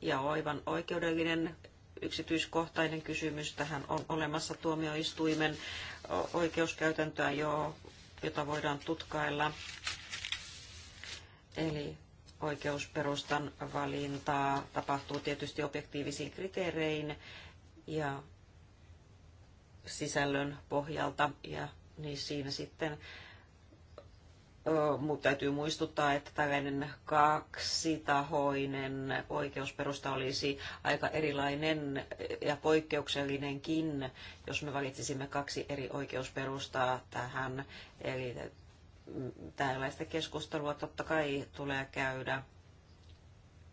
ja aivan oikeudellinen yksityiskohtainen kysymys. Tähän on olemassa tuomioistuimen oikeuskäytäntöä, jo, jota voidaan tutkailla. Eli oikeusperustan valintaa tapahtuu tietysti objektiivisiin kriteerein ja sisällön pohjalta ja niin siinä sitten Mut täytyy muistuttaa, että tällainen kaksitahoinen oikeusperusta olisi aika erilainen ja poikkeuksellinenkin, jos me valitsisimme kaksi eri oikeusperustaa tähän. Eli tällaista keskustelua totta kai tulee käydä,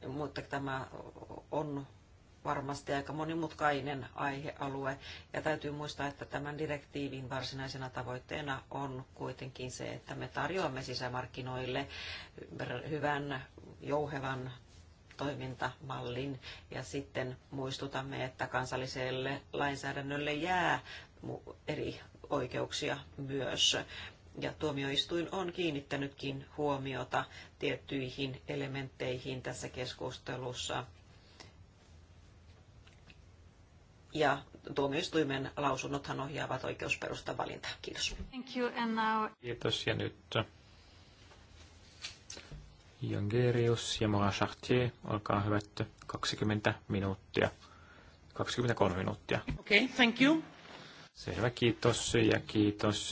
mutta tämä on varmasti aika monimutkainen aihealue. Ja täytyy muistaa, että tämän direktiivin varsinaisena tavoitteena on kuitenkin se, että me tarjoamme sisämarkkinoille hyvän, jouhevan toimintamallin ja sitten muistutamme, että kansalliselle lainsäädännölle jää eri oikeuksia myös ja tuomioistuin on kiinnittänytkin huomiota tiettyihin elementteihin tässä keskustelussa. Ja tuomioistuimen lausunnothan ohjaavat oikeusperustan valintaa. Kiitos. Thank you, and now... Kiitos ja nyt Jongerius ja Mora Chartier, olkaa hyvät, 20 minuuttia. 23 minuuttia. Okei, okay, thank you. Selvä, kiitos ja kiitos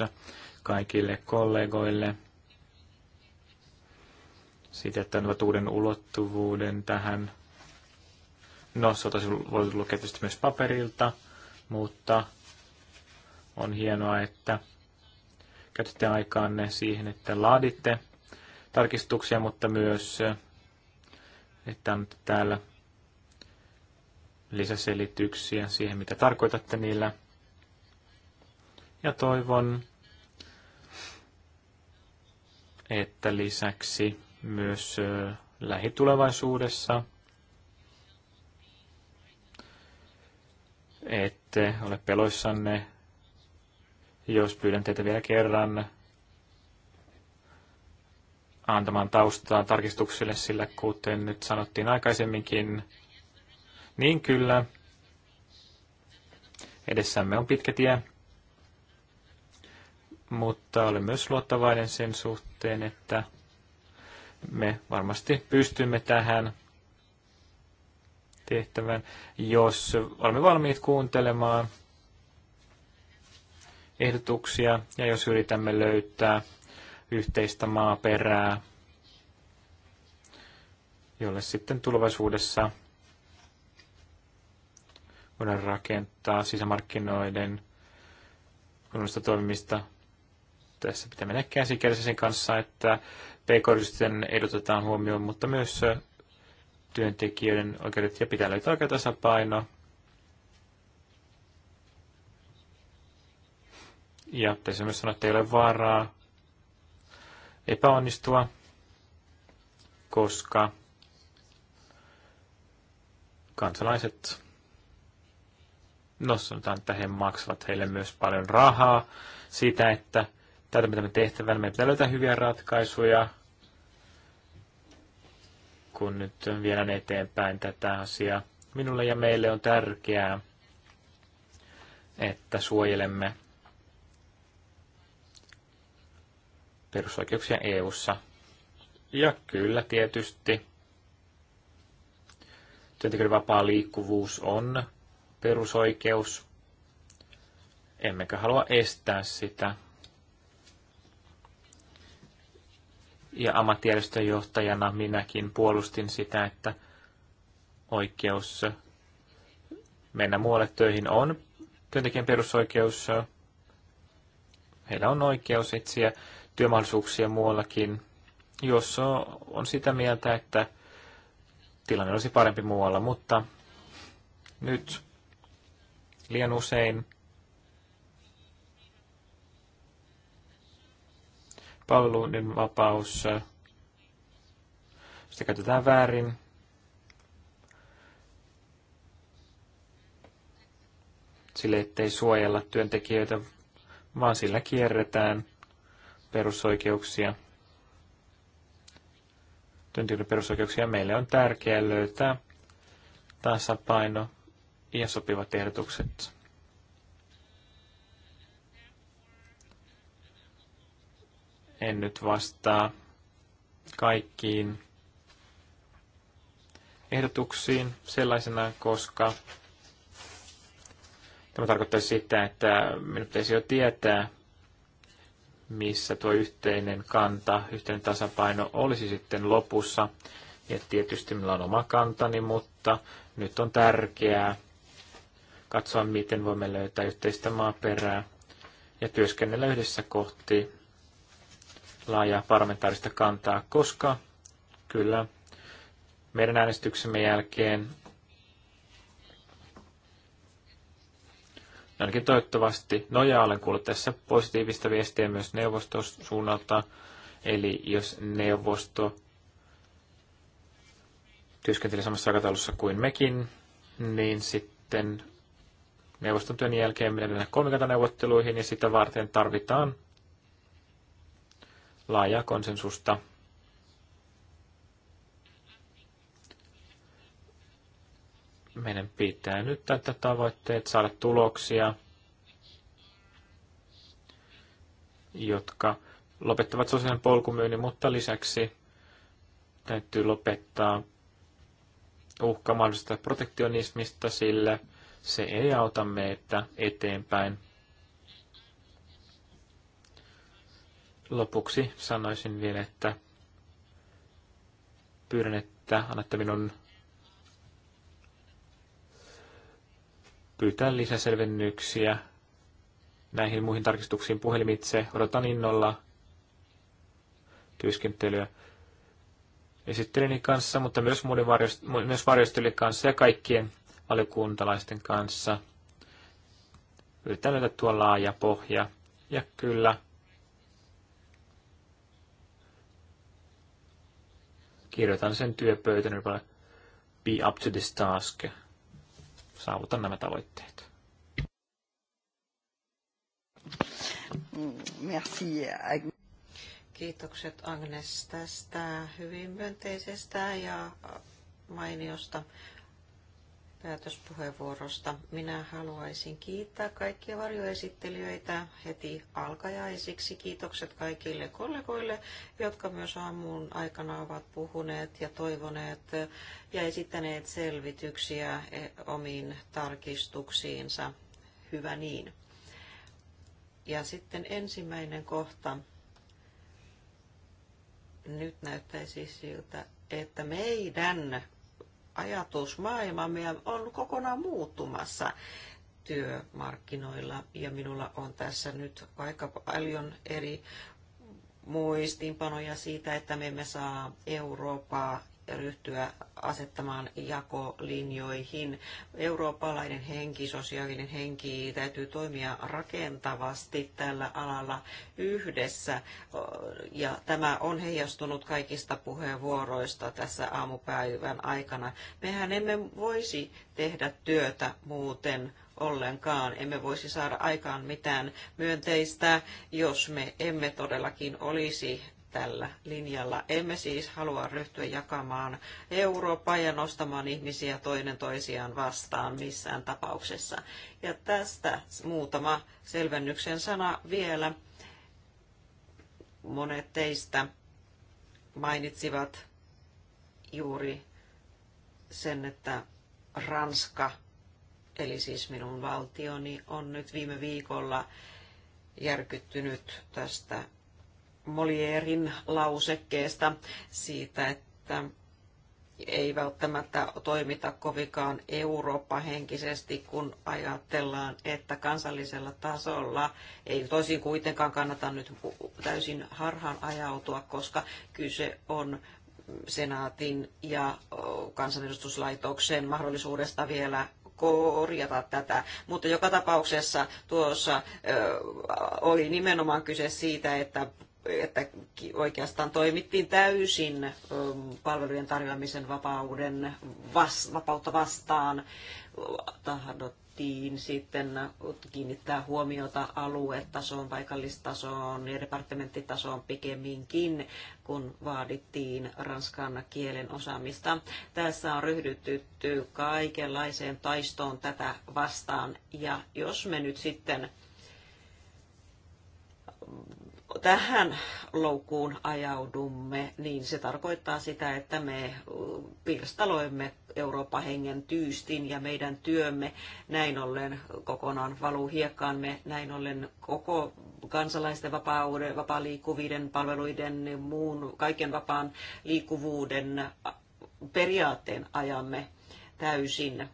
kaikille kollegoille Sitten, että annavat uuden ulottuvuuden tähän. No, se voisi lukea tietysti myös paperilta, mutta on hienoa, että käytätte aikaanne siihen, että laaditte tarkistuksia, mutta myös, että on täällä lisäselityksiä siihen, mitä tarkoitatte niillä. Ja toivon, että lisäksi myös lähitulevaisuudessa ette ole peloissanne, jos pyydän teitä vielä kerran antamaan taustaa tarkistuksille, sillä kuten nyt sanottiin aikaisemminkin, niin kyllä, edessämme on pitkä tie mutta olen myös luottavainen sen suhteen, että me varmasti pystymme tähän tehtävän, jos olemme valmiit kuuntelemaan ehdotuksia ja jos yritämme löytää yhteistä maaperää, jolle sitten tulevaisuudessa voidaan rakentaa sisämarkkinoiden kunnollista toimimista tässä pitää mennä käsikädessä sen kanssa, että pk-yritysten huomioon, mutta myös työntekijöiden oikeudet ja pitää löytää oikea tasapaino. Ja tässä myös sanoa, että ei ole varaa epäonnistua, koska kansalaiset, no sanotaan, että he maksavat heille myös paljon rahaa siitä, että mitä me tehtävän. Meidän pitää löytää hyviä ratkaisuja, kun nyt viedään eteenpäin tätä asiaa. Minulle ja meille on tärkeää, että suojelemme perusoikeuksia EU:ssa. Ja kyllä tietysti työntekijöiden vapaa liikkuvuus on perusoikeus. Emmekä halua estää sitä. ja ammattijärjestön johtajana minäkin puolustin sitä, että oikeus mennä muualle töihin on työntekijän perusoikeus. Heillä on oikeus etsiä työmahdollisuuksia muuallakin, jos on sitä mieltä, että tilanne olisi parempi muualla, mutta nyt liian usein palveluiden vapaus, sitä käytetään väärin. Sille ettei suojella työntekijöitä, vaan sillä kierretään perusoikeuksia. Työntekijöiden perusoikeuksia meille on tärkeää löytää tasapaino ja sopivat ehdotukset. En nyt vastaa kaikkiin ehdotuksiin sellaisena, koska tämä tarkoittaa sitä, että minun pitäisi jo tietää, missä tuo yhteinen kanta, yhteinen tasapaino olisi sitten lopussa. Ja tietysti minulla on oma kantani, mutta nyt on tärkeää katsoa, miten voimme löytää yhteistä maaperää ja työskennellä yhdessä kohti laajaa parlamentaarista kantaa, koska kyllä meidän äänestyksemme jälkeen ainakin toivottavasti nojaa olen kuullut tässä positiivista viestiä myös neuvoston suunnalta. Eli jos neuvosto työskentelee samassa aikataulussa kuin mekin, niin sitten neuvoston työn jälkeen mennään kolmikantaneuvotteluihin ja sitä varten tarvitaan laajaa konsensusta. Meidän pitää nyt tätä tavoitteet saada tuloksia, jotka lopettavat sosiaalinen polkumyynnin, mutta lisäksi täytyy lopettaa uhka mahdollisesta protektionismista, sillä se ei auta meitä eteenpäin. Lopuksi sanoisin vielä, että pyydän, että annatte minun pyytää lisäselvennyksiä näihin muihin tarkistuksiin puhelimitse. Odotan innolla työskentelyä esittelyni kanssa, mutta myös, muiden varjost- myös varjostelijan kanssa ja kaikkien valiokuntalaisten kanssa. Yritän löytää tuo laaja pohja. Ja kyllä, Kirjoitan sen työpöytän ylipäällä Be up to this task. Saavutan nämä tavoitteet. Merci. Kiitokset Agnes tästä hyvin myönteisestä ja mainiosta päätöspuheenvuorosta. Minä haluaisin kiittää kaikkia varjoesittelijöitä heti alkajaisiksi. Kiitokset kaikille kollegoille, jotka myös aamun aikana ovat puhuneet ja toivoneet ja esittäneet selvityksiä e, omiin tarkistuksiinsa. Hyvä niin. Ja sitten ensimmäinen kohta. Nyt näyttäisi siltä, että meidän ajatusmaailmamme on kokonaan muuttumassa työmarkkinoilla ja minulla on tässä nyt aika paljon eri muistinpanoja siitä, että me emme saa Eurooppaa ryhtyä asettamaan jakolinjoihin. Eurooppalainen henki, sosiaalinen henki täytyy toimia rakentavasti tällä alalla yhdessä. Ja tämä on heijastunut kaikista puheenvuoroista tässä aamupäivän aikana. Mehän emme voisi tehdä työtä muuten ollenkaan. Emme voisi saada aikaan mitään myönteistä, jos me emme todellakin olisi tällä linjalla. Emme siis halua ryhtyä jakamaan Eurooppaa ja nostamaan ihmisiä toinen toisiaan vastaan missään tapauksessa. Ja tästä muutama selvennyksen sana vielä. Monet teistä mainitsivat juuri sen, että Ranska, eli siis minun valtioni, on nyt viime viikolla järkyttynyt tästä Molierin lausekkeesta siitä, että ei välttämättä toimita kovikaan Eurooppa-henkisesti, kun ajatellaan, että kansallisella tasolla ei toisin kuitenkaan kannata nyt täysin harhaan ajautua, koska kyse on senaatin ja kansanedustuslaitoksen mahdollisuudesta vielä korjata tätä. Mutta joka tapauksessa tuossa ö, oli nimenomaan kyse siitä, että että oikeastaan toimittiin täysin palvelujen tarjoamisen vapauden vas, vapautta vastaan. Tahdottiin sitten kiinnittää huomiota aluetasoon, paikallistasoon ja departementtitasoon pikemminkin, kun vaadittiin ranskan kielen osaamista. Tässä on ryhdytty kaikenlaiseen taistoon tätä vastaan ja jos me nyt sitten tähän loukkuun ajaudumme, niin se tarkoittaa sitä, että me pirstaloimme Euroopan hengen tyystin ja meidän työmme näin ollen kokonaan valuu hiekkaamme, Me näin ollen koko kansalaisten vapauden, vapaan liikkuviden palveluiden, muun kaiken vapaan liikkuvuuden periaatteen ajamme täysin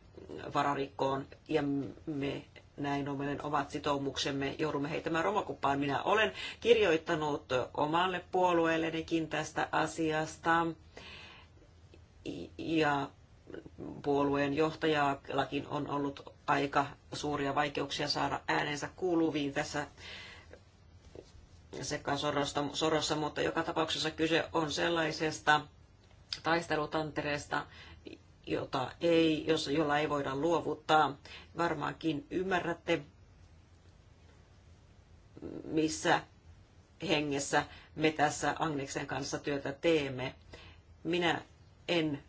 vararikkoon ja me näin ollen ovat sitoumuksemme, joudumme heittämään romakuppaan. Minä olen kirjoittanut omalle puolueellenikin tästä asiasta ja puolueen johtajallakin on ollut aika suuria vaikeuksia saada äänensä kuuluviin tässä sekä sorosta, sorossa, mutta joka tapauksessa kyse on sellaisesta taistelutantereesta, jota ei, jos, jolla ei voida luovuttaa. Varmaankin ymmärrätte, missä hengessä me tässä Agneksen kanssa työtä teemme. Minä en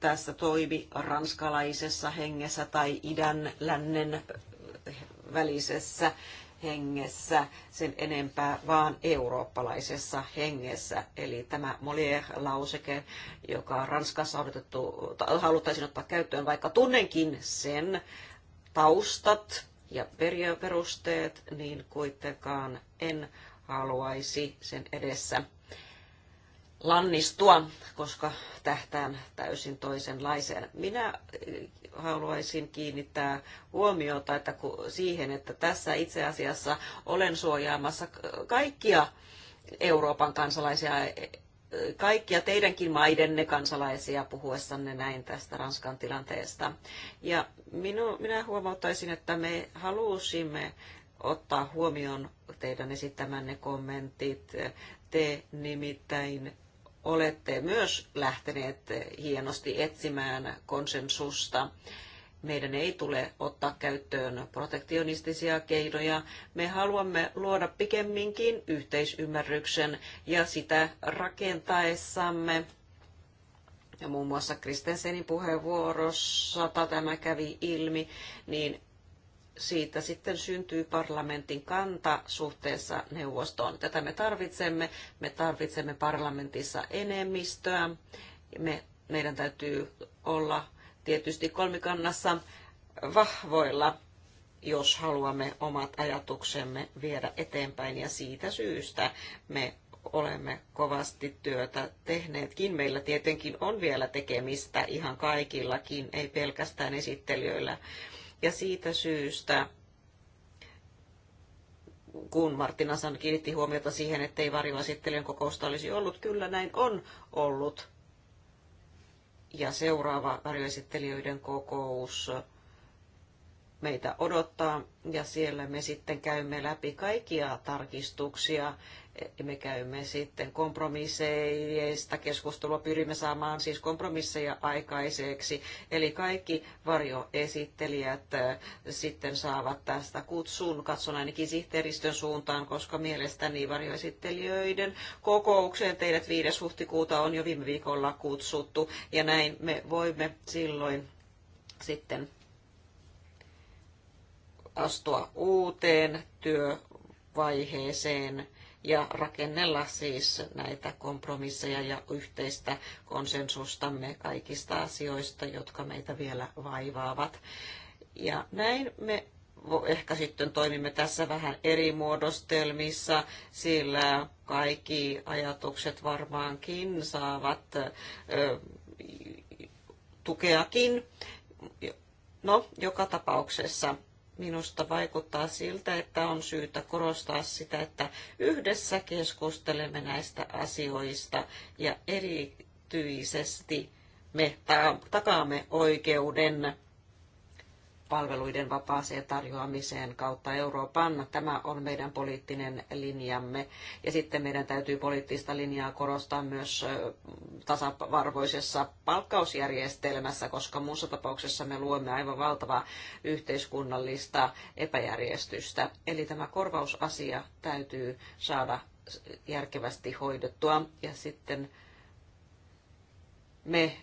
tässä toimi ranskalaisessa hengessä tai idän, lännen välisessä hengessä sen enempää, vaan eurooppalaisessa hengessä. Eli tämä Molière-lauseke, joka Ranskassa on otettu, haluttaisiin ottaa käyttöön, vaikka tunnenkin sen taustat ja perusteet, niin kuitenkaan en haluaisi sen edessä lannistua, koska tähtään täysin toisenlaiseen. Minä haluaisin kiinnittää huomiota että siihen, että tässä itse asiassa olen suojaamassa kaikkia Euroopan kansalaisia e- kaikkia teidänkin maidenne kansalaisia puhuessanne näin tästä Ranskan tilanteesta. Ja minu, minä huomauttaisin, että me halusimme ottaa huomioon teidän esittämänne kommentit. Te nimittäin olette myös lähteneet hienosti etsimään konsensusta. Meidän ei tule ottaa käyttöön protektionistisia keinoja. Me haluamme luoda pikemminkin yhteisymmärryksen ja sitä rakentaessamme. Ja muun muassa Kristensenin puheenvuorossa tämä kävi ilmi, niin siitä sitten syntyy parlamentin kanta suhteessa neuvostoon. Tätä me tarvitsemme. Me tarvitsemme parlamentissa enemmistöä. Me, meidän täytyy olla tietysti kolmikannassa vahvoilla, jos haluamme omat ajatuksemme viedä eteenpäin. Ja siitä syystä me olemme kovasti työtä tehneetkin. Meillä tietenkin on vielä tekemistä ihan kaikillakin, ei pelkästään esittelijöillä ja siitä syystä, kun Martina San kiinnitti huomiota siihen, ettei varjoasittelijan kokousta olisi ollut, kyllä näin on ollut. Ja seuraava varjoesittelijöiden kokous meitä odottaa ja siellä me sitten käymme läpi kaikkia tarkistuksia me käymme sitten kompromisseista keskustelua, pyrimme saamaan siis kompromisseja aikaiseksi. Eli kaikki varjoesittelijät äh, sitten saavat tästä kutsun, katson ainakin sihteeristön suuntaan, koska mielestäni varjoesittelijöiden kokoukseen teidät 5. huhtikuuta on jo viime viikolla kutsuttu, ja näin me voimme silloin sitten astua uuteen työvaiheeseen ja rakennella siis näitä kompromisseja ja yhteistä konsensustamme kaikista asioista, jotka meitä vielä vaivaavat. Ja näin me ehkä sitten toimimme tässä vähän eri muodostelmissa, sillä kaikki ajatukset varmaankin saavat ö, tukeakin. No, joka tapauksessa minusta vaikuttaa siltä, että on syytä korostaa sitä, että yhdessä keskustelemme näistä asioista ja erityisesti me takaamme oikeuden palveluiden vapaaseen tarjoamiseen kautta Euroopan. Tämä on meidän poliittinen linjamme. Ja sitten meidän täytyy poliittista linjaa korostaa myös tasavarvoisessa palkkausjärjestelmässä, koska muussa tapauksessa me luomme aivan valtavaa yhteiskunnallista epäjärjestystä. Eli tämä korvausasia täytyy saada järkevästi hoidettua. Ja sitten me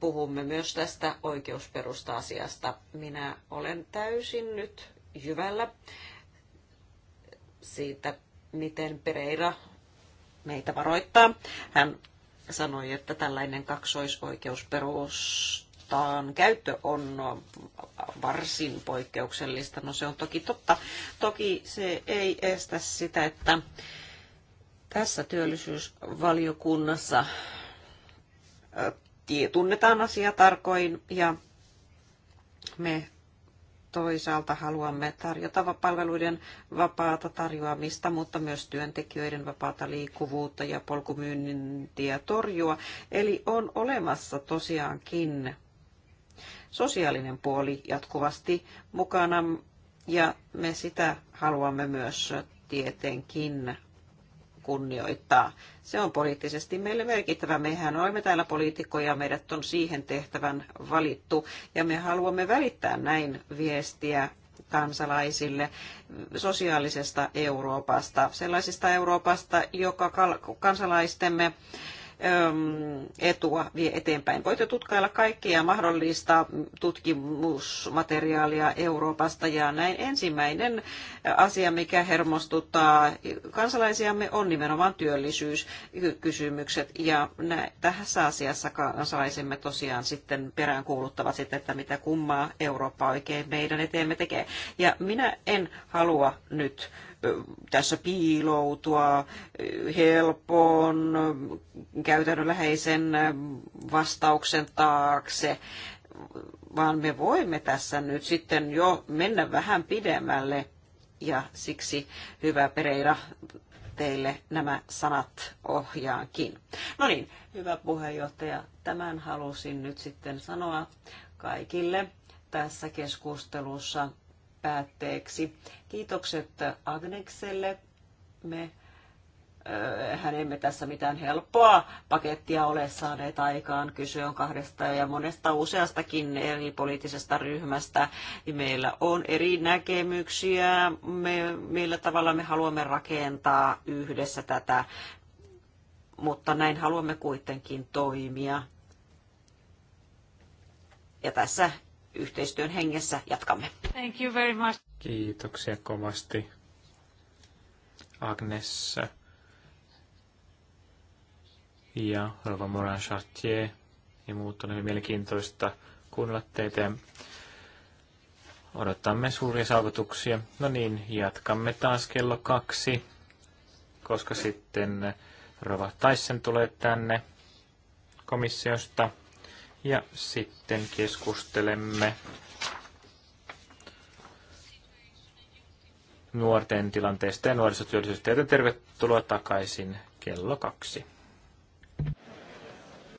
puhumme myös tästä oikeusperusta-asiasta. Minä olen täysin nyt jyvällä siitä, miten Pereira meitä varoittaa. Hän sanoi, että tällainen kaksoisoikeusperustaan käyttö on varsin poikkeuksellista. No se on toki totta. Toki se ei estä sitä, että tässä työllisyysvaliokunnassa tunnetaan asia tarkoin ja me toisaalta haluamme tarjota palveluiden vapaata tarjoamista, mutta myös työntekijöiden vapaata liikkuvuutta ja polkumyyntiä torjua. Eli on olemassa tosiaankin sosiaalinen puoli jatkuvasti mukana ja me sitä haluamme myös tietenkin kunnioittaa. Se on poliittisesti meille merkittävä. Mehän olemme täällä poliitikkoja, meidät on siihen tehtävän valittu ja me haluamme välittää näin viestiä kansalaisille sosiaalisesta Euroopasta, sellaisesta Euroopasta, joka kansalaistemme etua vie eteenpäin. Voitte tutkailla kaikkia mahdollista tutkimusmateriaalia Euroopasta ja näin ensimmäinen asia, mikä hermostuttaa kansalaisiamme on nimenomaan työllisyyskysymykset ja nä- tässä asiassa kansalaisemme tosiaan sitten peräänkuuluttavat sitten, että mitä kummaa Eurooppa oikein meidän eteemme tekee. Ja minä en halua nyt tässä piiloutua helpon käytännönläheisen vastauksen taakse, vaan me voimme tässä nyt sitten jo mennä vähän pidemmälle ja siksi hyvä Pereira teille nämä sanat ohjaankin. No niin, hyvä puheenjohtaja, tämän halusin nyt sitten sanoa kaikille tässä keskustelussa päätteeksi. Kiitokset Agnekselle. Me äh, hän emme tässä mitään helppoa pakettia ole saaneet aikaan. Kyse on kahdesta ja monesta useastakin eri poliittisesta ryhmästä. Meillä on eri näkemyksiä, me, millä tavalla me haluamme rakentaa yhdessä tätä, mutta näin haluamme kuitenkin toimia. Ja tässä yhteistyön hengessä jatkamme. Thank you very much. Kiitoksia kovasti. Agnes ja Rova Moran Chartier ja muut on hyvin mielenkiintoista kuunnella teitä ja odotamme suuria saavutuksia. No niin, jatkamme taas kello kaksi, koska sitten Rova Tyson tulee tänne komissiosta. Ja sitten keskustelemme nuorten tilanteesta ja nuorisotyöllisyydestä, joten tervetuloa takaisin kello kaksi.